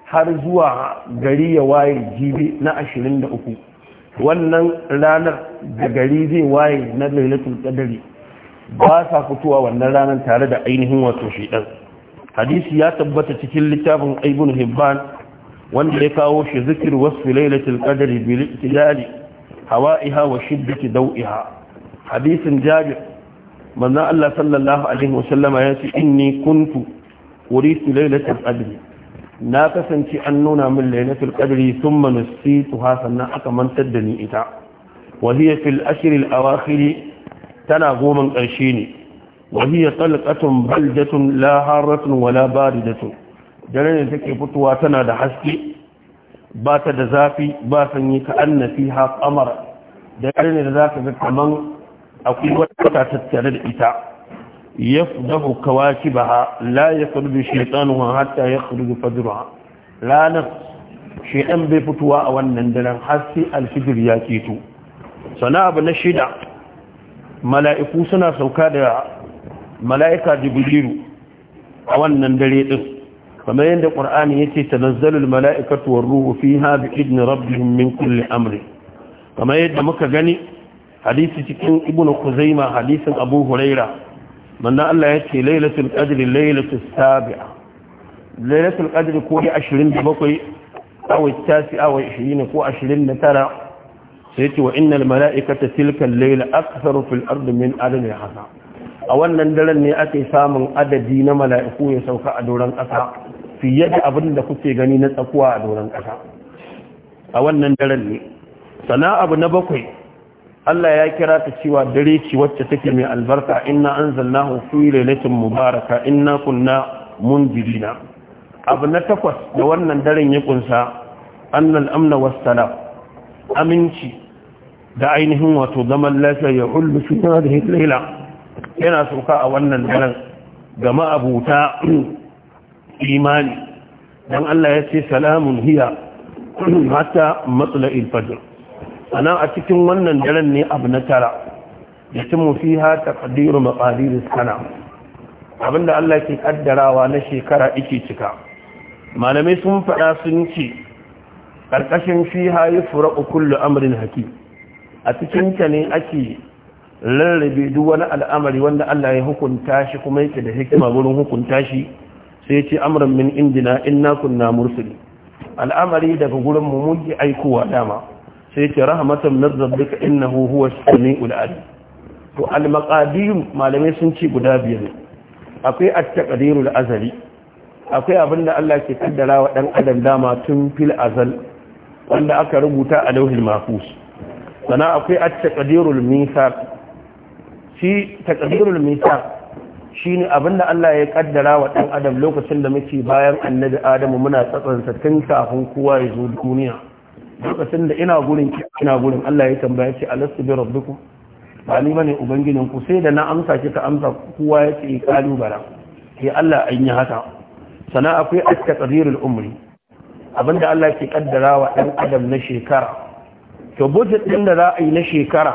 Speaker 1: har zuwa gari ya waye jibi na ashirin da uku wannan ranar da gari zai waye na lailatul qadari ba sa fitowa wannan ranar tare da ainihin wato shedan hadisi ya tabbata cikin littafin ibn hibban wanda ya kawo shi zikir wasu lailatul qadari bil ihtidali hawaiha wa shiddati dawiha hadisin jabir manzo Allah sallallahu alaihi wasallama yace inni kuntu uritu lailatul qadri na kasance an nuna min lailatul qadri thumma nasituha sannan aka mantar da ni ita wa hiya fil Ashirin a awakhir tana goman ƙarshe ne wa hiya talqatun baldatun la haratun wala baridatun dare ne take fitowa tana da haske ba ta da zafi ba sanyi ka annafiha qamar dare ne da zaka ga kaman akwai wata tattare da ita يفضح كواكبها لا يخرج شيطانها حتى يخرج فجرها لا نفس شيئا بفتوى أو Sana'a حسي الفجر ياكيتو سنا ابن الشدع ملائكو سنا سوكا ملائكة جبريل أو النندلين kamar yadda ƙur'ani ya ce tanazzalul mala'ikatu war ruhu fiha bi idni rabbihim min kulli amri kamar yadda muka gani hadisi cikin ibnu kuzaima hadisin abu huraira manzan Allah ya ce lailatul qadri lailatul sabi'a lailatul qadri ko ya bakwai, awai tasi'a wa ashirin ko ashirin tara. sai ce wa innal mala'ikata tilka al-layla aka fil ardi min adami hasa a wannan daren ne ake samun adadi na mala'iku ya sauka a doron ƙasa fiye da abin da kuke gani na tsakuwa a doron ƙasa a wannan daren ne sana abu na bakwai Allah ya kira ta cewa dare ce wacce take mai albarka inna anzalnahu fi lailatin mubaraka inna kunna mundirina abu na takwas da wannan daren ya kunsa annal amna wassalam aminci da ainihin wato zaman lafiya ya hullu fi da laila yana sauka a wannan daren ga ma'abuta imani dan Allah ya ce salamun hiya hatta matla'il fajr sannan a cikin wannan daren ne abu na tara ya ci mufi ha ta ƙadiru maƙadiru sana abinda Allah ke ƙaddarawa na shekara iki cika malamai sun faɗa sun ce ƙarƙashin fi ha yi fura ukullu haki a cikin ne ake rarrabe duk wani al'amari wanda Allah ya hukunta shi kuma yake da hikima wurin hukunta shi sai ce amran min indina inna kunna mursali al'amari daga gurin mu muke aikowa dama sai ce rahmatan min rabbika innahu huwa as-sami'ul to al malamai sun ce guda biyar akwai at-taqdirul azali akwai abinda Allah ke kaddara wa dan adam dama tun fil azal wanda aka rubuta a lauhil mahfuz sana akwai at-taqdirul mithaq shi taqdirul mithaq shine abinda Allah ya kaddara wa dan adam lokacin da muke bayan annabi Adamu muna tsatsansa tun kafin kowa ya zo duniya lokacin da ina gurin ki ina gurin Allah ya tambaya ce alastu bi rabbikum ba ni bane ubangijin ku sai da na amsa ki ta amsa kowa ya ce kalu eh, bara ke Allah an yi haka sana akwai aska tsadirul umri abinda Allah ke kaddara wa dan adam na shekara to budget din da za a yi na shekara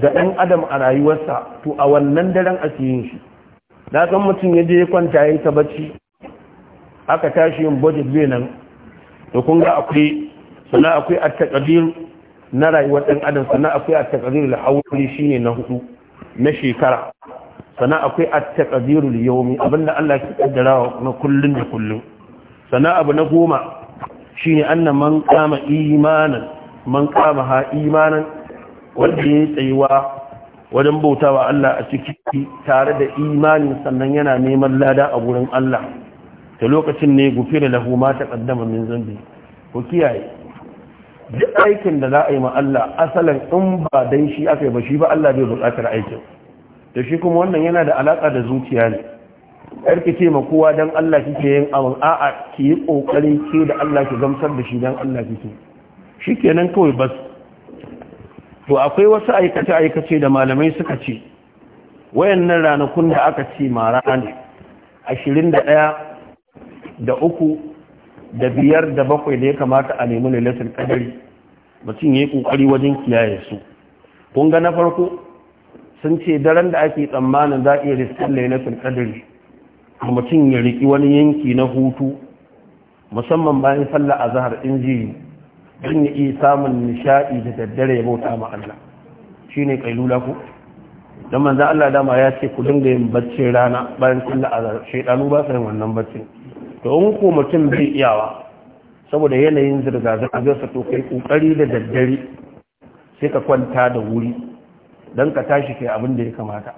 Speaker 1: ga dan adam a rayuwarsa to a wannan daren ake yin shi na san mutum ya je kwanta yayin ta bacci aka tashi yin budget bai nan to kun ga akwai sana akwai at-taqdir na rayuwar dan adam sana akwai at-taqdir al-hawli shine na hudu na shekara sana akwai at-taqdir al-yawmi abinda Allah ke kaddara na kullun da kullun sana abu na goma shine annan man kama imanan man kama ha imanan wanda ya tsayuwa wajen bautawa Allah a ciki tare da imanin sannan yana neman lada a gurin Allah ta lokacin ne gufira da lahuma ta kaddama min zambi ku kiyaye duk aikin da za a yi ma Allah asalin in ba dan shi aka yi ba shi ba Allah bai buƙatar aikin da shi kuma wannan yana da alaƙa da zuciya ne ki ce ma kowa dan Allah kike yin abin a'a ki yi kokari ke da Allah ki gamsar da shi dan Allah kike kenan kawai bas to akwai wasu aikace aikace da malamai suka ce wayannan ranakun da aka ce mara ne ɗaya. da uku da biyar da bakwai da ya kamata a nemi lalatar kadari mutum ya yi kokari wajen kiyaye su kun ga na farko sun ce daren da ake tsammanin za a iya riskin lalatar kadari mutum ya riki wani yanki na hutu musamman bayan sallah a zahar in ji don ya iya samun nishaɗi da daddare ya bauta ma Allah shi ne ƙailula ku don manzan Allah dama ya ce ku dinga yin baccin rana bayan sallah a zahar shaidanu ba sa yin wannan baccin to in ko mutum bai iyawa saboda yanayin zirga zirga su to kai kokari da daddare sai ka kwanta da wuri don ka tashi kai abin da ya kamata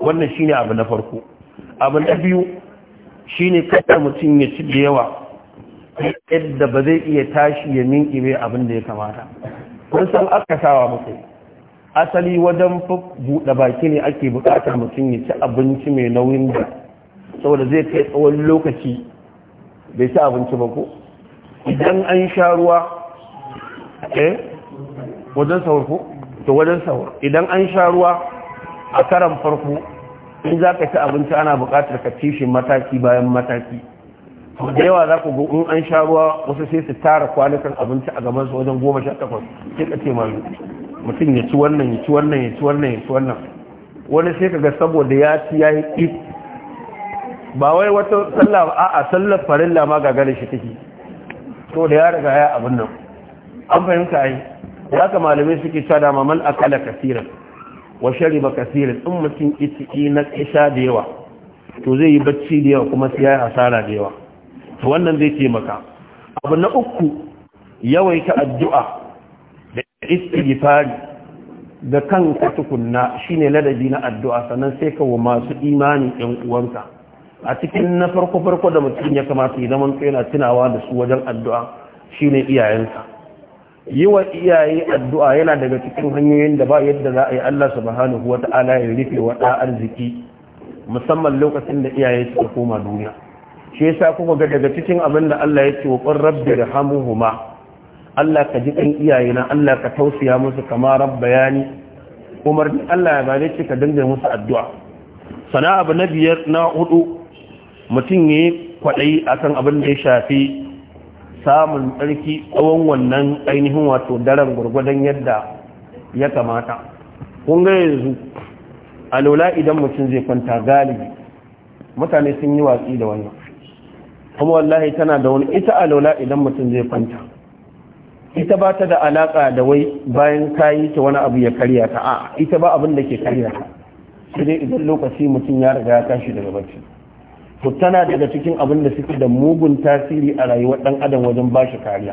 Speaker 1: wannan shine abu na farko abu na biyu shine kada mutum ya ci da yawa yadda ba zai iya tashi ya minki bai abin da ya kamata kun san aka sawa mutum asali wajen buɗe baki ne ake buƙatar mutum ya ci abinci mai nauyin da saboda zai kai tsawon lokaci bai ci abinci ba ko idan an sha ruwa eh wajen sahur ko to wajen sahur idan an sha ruwa a karan farko in za ka ci abinci ana buƙatar ka ci shi mataki bayan mataki da yawa za ku go in an sha ruwa wasu sai su tara kwanukan abinci a gaban su wajen goma sha takwas sai ka ce malu mutum ya ci wannan ya ci wannan ya ci wannan ya ci wannan wani sai ka ga saboda ya ci ya yi ba wai wata sallah a a sallar farilla ma gane shi take to da ya riga ya abin nan an fahimta ai ya ka malamai suke cewa da mamal akala kasiran wa shariba kasiran in mutum iti na isha da yawa to zai yi bacci da yawa kuma sai ya hasara da yawa to wannan zai taimaka abu na uku yawaita addu'a da istighfari da kanka tukunna shine ladabi na addu'a sannan sai ka wa masu imani ɗan uwanka a cikin na farko farko da mutum ya kamata ya zama na tunawa da su wajen addu'a shine iyayensa yi wa iyaye addu'a yana daga cikin hanyoyin da ba yadda za a yi Allah subhanahu wa ta'ala ya rufe wa ɗa arziki musamman lokacin da iyaye suka koma duniya shi yasa kuma ga daga cikin abin da Allah ya ce wa qur rabbi huma Allah ka ji ɗin iyaye na Allah ka tausaya musu kama bayani, umar Allah ya bane ce ka dinga musu addu'a Sana'a abu na biyar na hudu mutum ya yi kwaɗayi a kan abin da ya shafi samun tsarki tsawon wannan ainihin wato daren gwargwadon yadda ya kamata kun ga yanzu lola idan mutum zai kwanta galibi mutane sun yi watsi da wannan kuma wallahi tana da wani ita a lola idan mutum zai kwanta ita ba ta da alaƙa da wai bayan kayi ta wani abu ya karya ta a ita ba abin da ke karya ta sai idan lokaci mutum ya riga ya tashi daga bacci to tana daga cikin abin da suke da mugun tasiri a rayuwar dan adam wajen ba shi kariya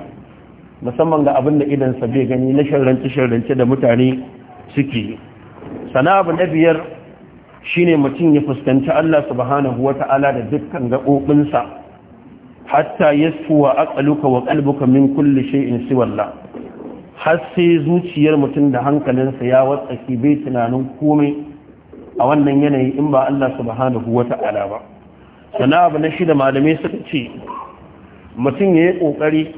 Speaker 1: musamman ga abin da sa bai gani na sharrance sharrance da mutane suke sana abu na biyar shine mutum ya fuskanci Allah subhanahu wata'ala da dukkan gaɓoɓinsa hatta wa aqluka wa qalbuka min kulli shay'in siwa Allah har sai zuciyar mutum da hankalinsa ya watsaki bai tunanin komai a wannan yanayi in ba Allah subhanahu wata'ala ba sana abu na shida malamai suka ce mutum ya yi ƙoƙari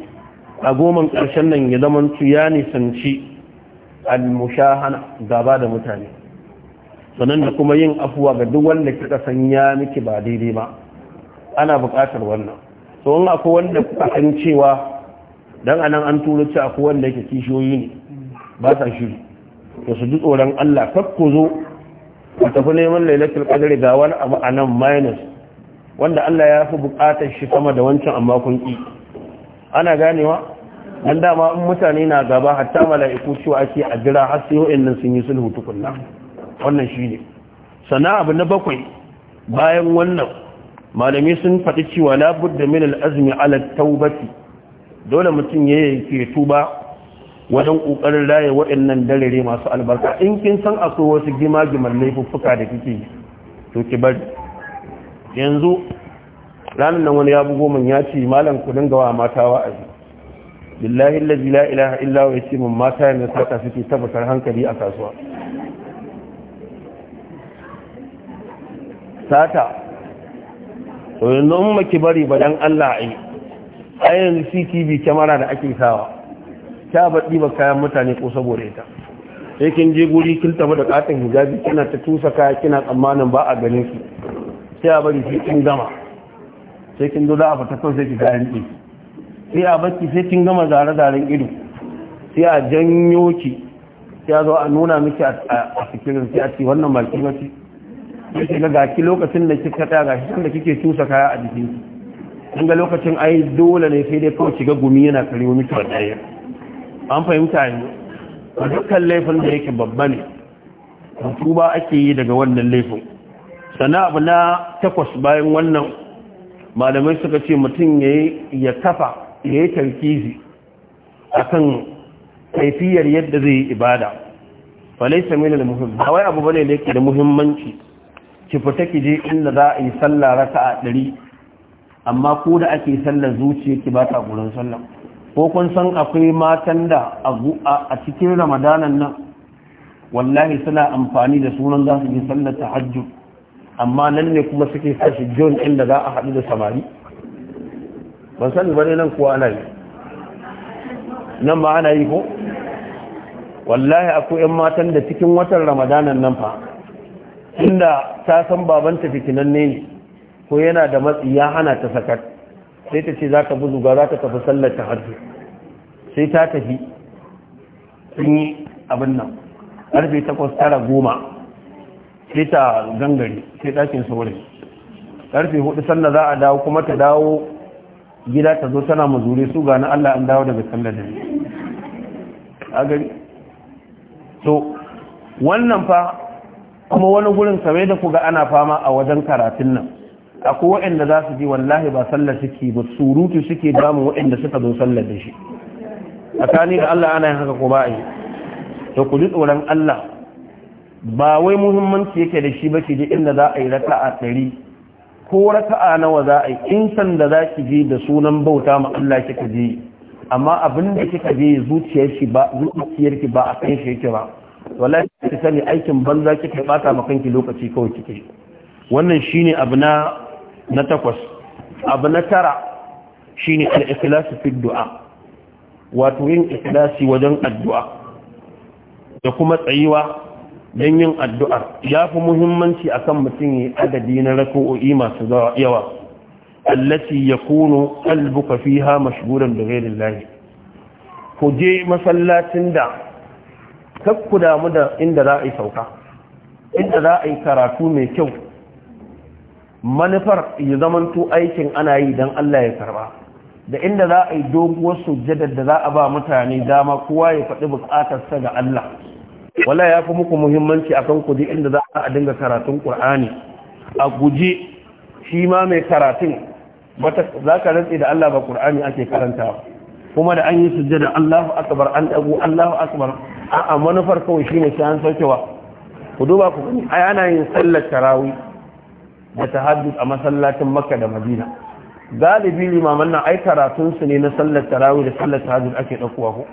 Speaker 1: a goman ƙarshen nan ya zama ya nisanci almushahana gaba da mutane sannan da kuma yin afuwa ga duk wanda kika san ya miki ba daidai ba ana buƙatar wannan to in akwai wanda kuka san cewa dan anan an turo ci akwai wanda yake kishiyoyi ne ba sa shiri to su ji tsoron Allah kar ku zo ku tafi neman lailatul qadri ga wani abu anan minus wanda Allah ya fi bukatar shi sama da wancan amma kun ki ana ganewa dan dama in mutane na gaba hatta mala'iku cewa ake a jira har sai nan sun yi sulhu tukunna wannan ne sana abu na bakwai bayan wannan malami sun faɗi cewa la budda min al-azmi ala tawbati dole mutum ya ke tuba wajen ƙoƙarin raye waɗannan darare masu albarka in kin san akwai wasu gima-giman laifuffuka da kike to ki bari yanzu ranar nan wani ya bugo min ya ce malam ku dinga wa mata wa'azi billahi allazi la ilaha illa huwa yace mun mata yana suke tabbatar hankali a kasuwa sata to yanzu in bari ba dan Allah ai ai yanzu CCTV kyamara da ake sawa ta baɗi ba kayan mutane ko saboda ita sai kin je guri kin tafi da katin hijabi kina ta tusa kaya kina tsammanin ba a ganin ki sai a bari sai kin gama sai kin zo a fita kawai sai ki kayan ɗi sai a baki sai kin gama zare-zaren ido sai a janyo ki sai a zo a nuna miki a fikirin sai a ci wannan baki wace sai ga gaki lokacin da kika ta gashi da kike tusa kaya a jikin ki kun ga lokacin ai dole ne sai dai kawai shiga gumi yana karewa miki ya an fahimta ne a dukkan laifin da yake babba ne tuba ake yi daga wannan laifin sana abu na takwas bayan wannan malamai suka ce mutum ya kafa ya yi tarkizi kan kaifiyar yadda zai yi ibada falaisa mini da muhimmi abu bane da yake da muhimmanci ki fita ki je inda za a yi sallah a ɗari amma ko da ake sallah zuciya ki ba ta gurin sallah ko kun san akwai matan da a cikin ramadanan nan wallahi suna amfani da sunan za su yi sallar tahajjud amma nan ne kuma suke sashi john inda za a haɗu da samari ban sani ne nan kuwa ana yi nan ba ana yi ko wallahi akwai 'yan matan da cikin watan ramadanan nan fa inda ta san babanta fitinan ne ko yana da matsi ya hana ta sakar sai ta ce za ta buzu ga za ta tafi sallar ta harfi sai ta tafi sun yi abin nan harfi takwas tara goma sai gangari gangare sai ɗakin saurin ƙarfe hudu sannan za a dawo kuma ta dawo gida ta zo tana mazuri su gani Allah an dawo daga sallar da a gari so wannan fa kuma wani gurin kame da kuga ana fama a wajen karatun nan akwai waɗanda za su ji wallahi ba sallar suke ba surutu suke damu waɗanda suka zo sallar da shi tsakani da Allah ana yin haka ko ba a yi to ku ji tsoron Allah ba wai muhimmanci yake da shi ba ki inda za a yi raka'a ɗari ko raka'a nawa za a yi in san da za ki je da sunan bauta ma Allah kika je amma abin da kika je zuciyar shi ba zuciyar ki ba a kan shi yake ba wallahi ki sani aikin banza kika bata ma kanki lokaci kawai kike wannan shine abu na takwas abu na tara shine al-ikhlas fi du'a wato yin ikhlasi wajen addu'a da kuma tsayuwa don yin addu'a ya fi muhimmanci a kan mutum yi adadi na rako'o'i masu yawa allaci ya kuno kalbuka fi ha mashiguran da zai lahi ku je masallacin da kakku damu da inda za a yi sauka inda za a yi karatu mai kyau manufar ya zamanto aikin ana yi don allah ya karba da inda za a yi doguwar sujjadar da za a ba mutane dama kowa ya faɗi sa ga allah wala ya fi muku muhimmanci a kan ji inda za a dinga karatun ƙur'ani a guji shi ma mai karatun za ka rantsi da Allah ba ƙur'ani ake karantawa kuma da an yi da Allahu akbar an dago Allahu akbar a manufar kawai ne shi an saukewa ku duba ku gani ai ana yin sallar tarawi da tahajjud a masallacin Makka da Madina galibi limaman nan ai karatun su ne na sallar tarawi da sallar tahajjud ake daukowa ko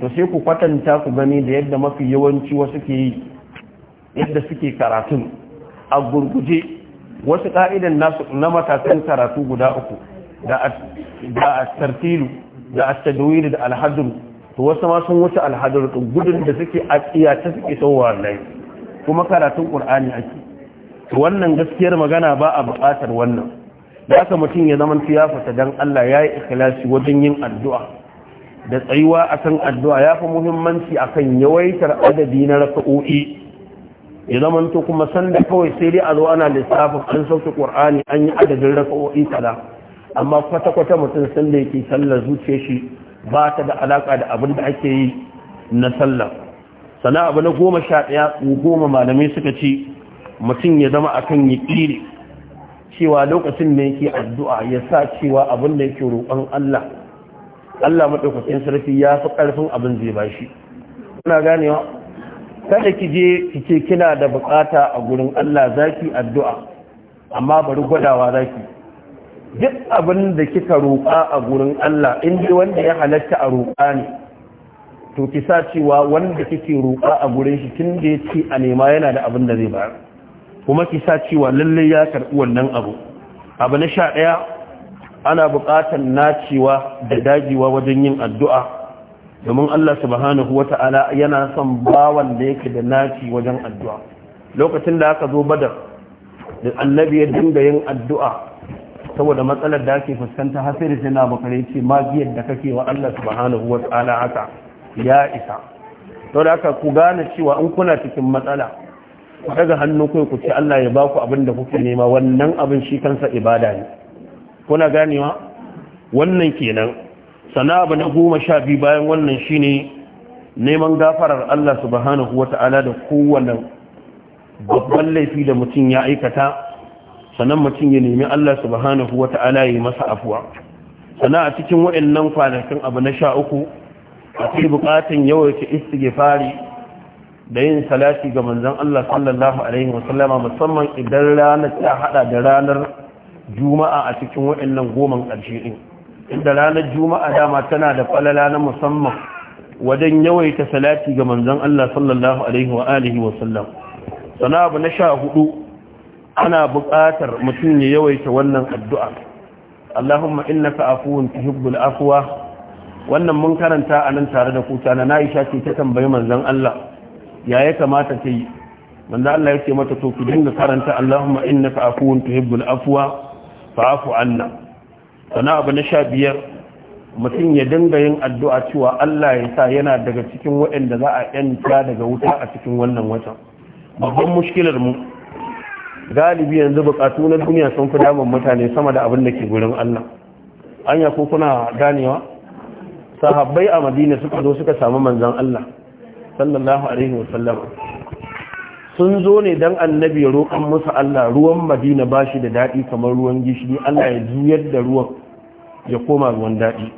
Speaker 1: to sai ku kwatanta ku gani da yadda mafi yawanci wasu ke yi yadda suke karatun a gurguje wasu ka'idan nasu na matakan karatu guda uku da a tartilu da a tadwiri da alhadun, to wasu ma sun wuce alhadun, to gudun da suke a ta suke sauwa layi, kuma karatun ƙur'ani ake to wannan gaskiyar magana ba a buƙatar wannan da aka mutum ya zama ya ta don Allah ya yi ikhlasi wajen yin addu'a da tsayuwa akan addu'a ya fi muhimmanci akan yawaitar adadi na raka'o'i ya to kuma sanda kawai sai dai a zo ana lissafin an sauke ƙur'ani an yi adadin raka'o'i kada amma kwata-kwata mutum sanda yake sallar zuce shi ba ta da alaƙa da abin da ake yi na sallar sana abu na goma sha ɗaya ko goma malamai suka ce mutum ya zama akan ya ƙiri cewa lokacin da yake addu'a ya sa cewa abin da yake roƙon Allah Allah maɗaukakin sarki ya fi ƙarfin abin zai ba shi. kuna wa? kada ki je ki ce kina da buƙata a gurin Allah zaki addu'a amma bari gwadawa zaki duk abin da kika roƙa a gurin Allah in dai wanda ya halatta a roƙa ne to ki sa cewa wanda kike roƙa a gurin shi tun da ya ce a nema yana da abin da zai bayar kuma ki sa cewa lallai ya karɓi wannan abu abu na sha ɗaya ana buƙatar nacewa da dagewa wajen yin addu'a domin Allah subhanahu ta'ala yana son bawan da yake da naci wajen addu'a lokacin da aka zo badar da annabi ya dinga yin addu'a saboda matsalar da ake fuskanta hasir zina bakare ce magiyar da kake wa Allah subhanahu ta'ala haka ya isa Sau da aka ku gane cewa in kuna cikin matsala daga hannu kai ku ce Allah ya baku abin da kuke nema wannan abin shi kansa ibada ne kuna ganewa wannan kenan sana abu na goma sha biyu bayan wannan shine neman gafarar Allah subhanahu wata'ala da kowane babban laifi da mutum ya aikata sannan mutum ya nemi Allah subhanahu wata'ala ya yi masa afuwa sana a cikin waɗannan kwanakin abu na sha uku a cikin bukatun istige fari da yin salati ga manzon Allah sallallahu alaihi wasallama musamman idan ranar ta hada da ranar juma'a a cikin waɗannan goman ƙarshe ɗin inda ranar juma'a dama tana da falala na musamman wajen yawaita salati ga manzan Allah sallallahu alaihi wa alihi wa sallam sana abu na sha hudu ana buƙatar mutum ya yawaita wannan addu'a Allahumma innaka afuwun tuhibbul afwa wannan mun karanta a nan tare da kuta na Aisha ce ta tambayi manzan Allah ya ya kamata ta yi manzon Allah ya ce mata to ku dinga karanta Allahumma innaka afuwun tuhibbul afwa fa'afu anna sana abu na sha biyar mutum ya dinga yin addu'a cewa Allah ya sa yana daga cikin waɗanda za a yanta daga wuta a cikin wannan watan babban mushkilar mu galibi yanzu bukatu na duniya sun fi damun mutane sama da abin da ke gurin Allah anya ko kuna ganewa sahabbai a madina suka zo suka samu manzon Allah sallallahu alaihi wasallam sun zo ne don annabi ya roƙon musu Allah ruwan madina ba shi da daɗi kamar ruwan gishiri Allah ya juyar da ruwan ya koma ruwan daɗi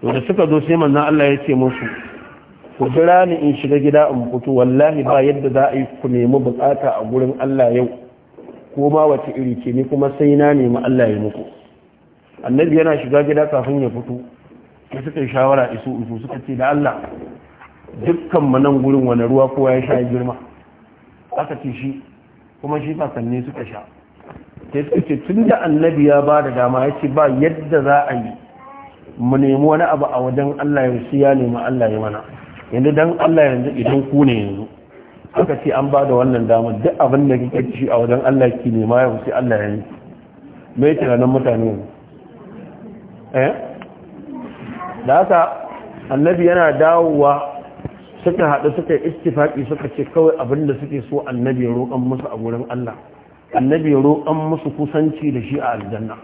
Speaker 1: to da suka zo sai manzan Allah ya ce musu ku jira ni in shiga gida in fito wallahi ba yadda za a yi ku nemi bukata a gurin Allah yau ko ma wace iri ce ni kuma sai na nemi Allah ya muku annabi yana shiga gida kafin ya fito sai suka yi shawara isu isu suka ce da Allah dukkan manan gurin wani ruwa kowa ya sha girma aka ce shi kuma shi sanne suka sha Ta yi ce tun da annabi ya ba da dama ya ce ba yadda za a yi mu nemi wani abu a wajen Allah ya su ya nemi Allah ya mana yanzu don Allah yanzu idan ku ne yanzu aka ce an ba da wannan dama duk abin da kike ci a wajen Allah ki nema ya sai Allah ya yi mai yake ranar mutane eh da haka annabi yana dawowa suka haɗu suka yi istifaƙi suka ce kawai abin da suke so annabi ya roƙon musu a wurin Allah annabi ya roƙon musu kusanci da shi a aljanna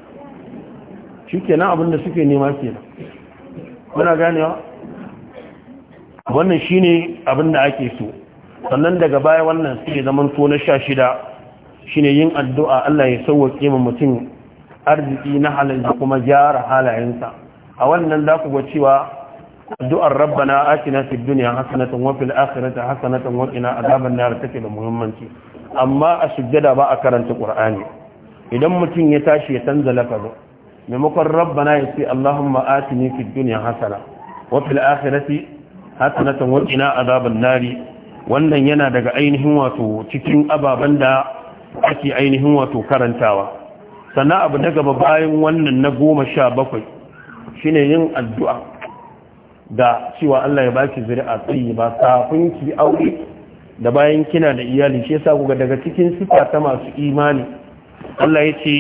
Speaker 1: shi kenan abin da suke nema kenan muna ganewa wannan shi ne abin da ake so sannan daga baya wannan suke zaman so na sha shida shine yin addu'a Allah ya sauwaƙe kima mutum arziki na halin da kuma gyara halayensa a wannan za ku ga cewa addu'ar rabbana atina fid dunya hasanatan wa fil akhirati hasanatan wa qina azaban nar take da muhimmanci amma a sujjada ba a karanta qur'ani idan mutum ya tashi ya canza lafazo maimakon rabbana ya ce allahumma atini fid dunya hasana wa fil akhirati hasanatan wa qina azaban nar wannan yana daga ainihin wato cikin ababen da ake ainihin wato karantawa sannan abu na bayan wannan na goma sha bakwai shine yin addu'a da cewa Allah ya baki zuri'a tsayi ba kafin ki aure da bayan kina da iyali shi yasa kuga daga cikin sifa ta masu imani Allah ya ce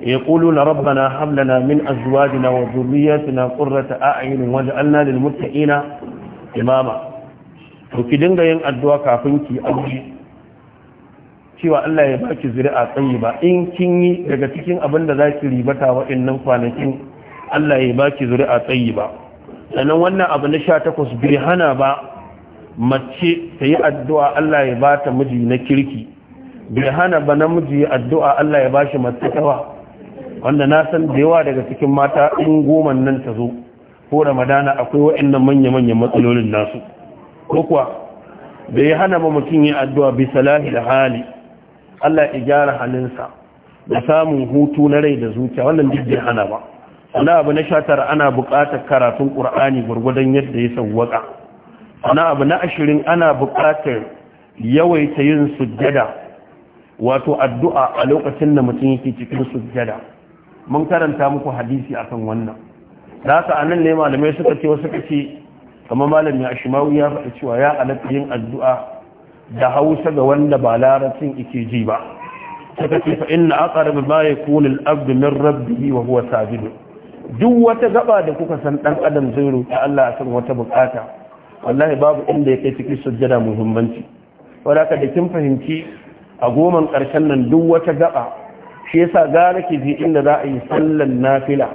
Speaker 1: yaquluna rabbana hab lana min azwajina wa dhurriyyatina qurrata a'yun waj'alna lil muttaqina imama to ki dinga yin addu'a kafin ki aure cewa Allah ya baki zuri'a tsayi ba in kin yi daga cikin abin da zaki ribata wa'annan kwanakin Allah ya baki zuri'a tsayi ba sannan wannan abu na sha takwas bai hana ba mace ta yi addu'a Allah ya ba ta miji na kirki bai hana ba na miji addu'a Allah ya ba shi matsakawa wanda na san da yawa daga cikin mata in goman nan ta zo ko ramadana akwai waɗannan manya-manyan matsalolin nasu ko kuwa bai hana ba mutum yin addu'a bisa salahi da hali Allah ya gyara halinsa da samun hutu na rai da zuciya wannan duk bai hana ba sana abu na tara ana buƙatar karatun ƙur'ani gwargwadon yadda ya sauwaƙa sana abu na ashirin ana buƙatar yawaita yin sujjada wato addu'a a lokacin da mutum yake cikin sujjada mun karanta muku hadisi akan wannan da haka anan ne malamai suka ce wasu kace kamar malami ashimawu ya faɗi cewa ya alaƙa yin addu'a da hausa ga wanda ba larabcin ike ji ba suka ce fa inna aqrabu ma yakunu al-abdu min rabbihi wa huwa sajidun duk wata gaba da kuka san dan adam zai roƙi Allah a san wata bukata wallahi babu inda ya kai cikin sujjada muhimmanci wanda da kin fahimci a goman karshen nan duk wata gaba shi yasa gara ki je inda za a yi sallan nafila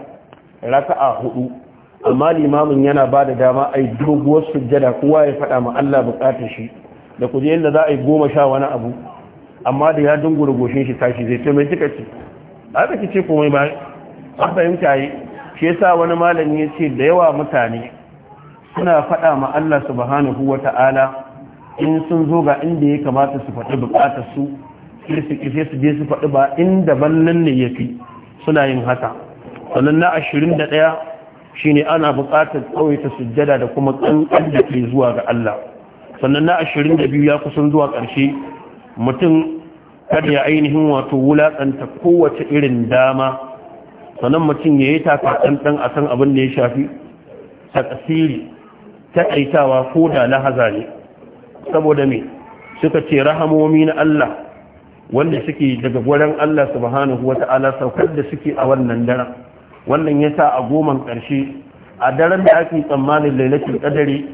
Speaker 1: raka'a hudu amma limamin yana ba da dama a yi doguwar sujjada kowa ya faɗa ma Allah bukatar shi da ku je inda za a yi goma sha wani abu amma da ya dungura goshin shi tashi zai ce kika ce a ki ce komai ba an fahimta yi shi yasa wani malami ya ce da yawa mutane suna faɗa ma Allah subhanahu wa ta'ala in sun zo ga inda ya kamata su faɗi buƙatar su sai su je su faɗi ba inda ballan ne ya fi suna yin haka sannan na ashirin da ɗaya shine ana buƙatar tsawaita sujjada da kuma ƙanƙan da ke zuwa ga Allah sannan na ashirin da biyu ya kusan zuwa ƙarshe mutum kada ya ainihin wato wulaƙanta kowace irin dama sannan mutum ya yi takatsantsan a san abin da ya shafi takasiri taƙaitawa ko da lahaza ne saboda me suka ce rahamomi na Allah wanda suke daga gwaran Allah subhanahu wata'ala saukar da suke a wannan daren wannan ya sa a goman ƙarshe a daren da ake tsammanin lailatul qadari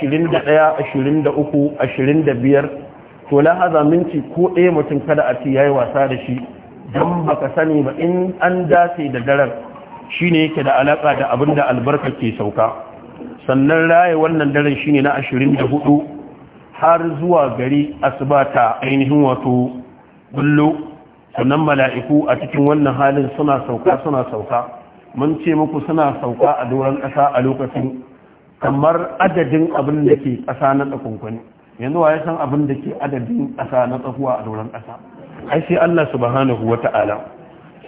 Speaker 1: 21 23 25 to lahaza minti ko ɗaya mutum kada a ci yayi wasa da shi don baka sani ba in an dace da daren shine yake da alaka da abin da albarka ke sauka sannan raye wannan daren shine na 24 har zuwa gari asuba ainihin wato bullo sannan mala'iku a cikin wannan halin suna sauka suna sauka mun ce muku suna sauka a doron ƙasa a lokacin kamar adadin abin da ke ƙasa na tsakunkuni yanzu wa ya san abin da ke adadin ƙasa na tsakuwa a doron ƙasa ai sai Allah subhanahu wata'ala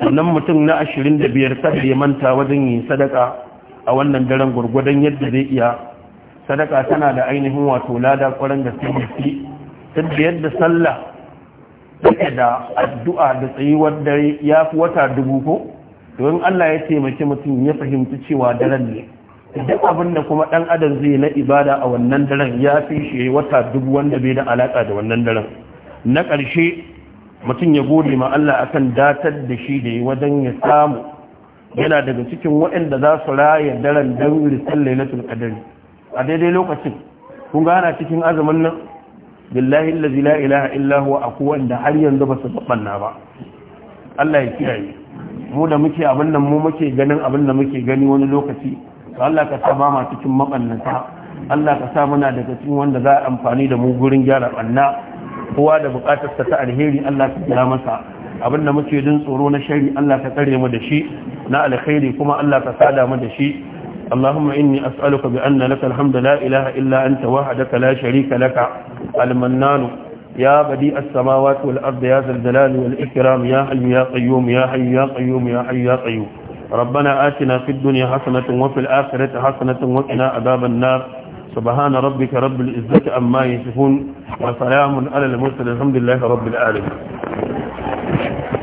Speaker 1: sannan mutum na 25 kada ya manta wajen yin sadaka a wannan daren gurgudan yadda zai iya sadaka tana da ainihin wato lada kwaran da sai tunda yadda sallah take da addu'a da tsayuwar dare ya fi wata dubu ko Don Allah ya taimaki mutum ya fahimci cewa daren ne duk abin da kuma ɗan adam zai na ibada a wannan daren ya fi shi wata dubu wanda bai da alaƙa da wannan daren na ƙarshe mutum ya gode ma Allah akan datar da shi da yi wajen ya samu yana daga cikin waɗanda za su raya daren don rikin lailatul qadari a daidai lokacin kun gana cikin azumin nan billahi allazi la ilaha illa huwa aku wanda har yanzu ba su babbanna ba Allah ya kiyaye mu da muke abin nan mu muke ganin abin da muke gani wani lokaci Allah ka sa ba ma cikin mabannata Allah ka sa muna daga cikin wanda za a amfani da mu gurin gyara banna kowa da bukatarsa ta alheri Allah ta kira masa abinda muke jin tsoro na shari Allah ta tsare mu da shi na alkhairi kuma Allah ta sada mu da shi اللهم إني أسألك بأن لك الحمد لا إله إلا أنت وحدك لا شريك لك المنان يا بديء السماوات والأرض يا ذا الجلال والإكرام يا حي يا قيوم يا حي يا قيوم يا حي يا قيوم ربنا آتنا في الدنيا حسنة وفي الآخرة حسنة وقنا عذاب النار subhana rabbika rabbil izzati amma yasifun wa salamun ala al mursalin alhamdulillahi rabbil alamin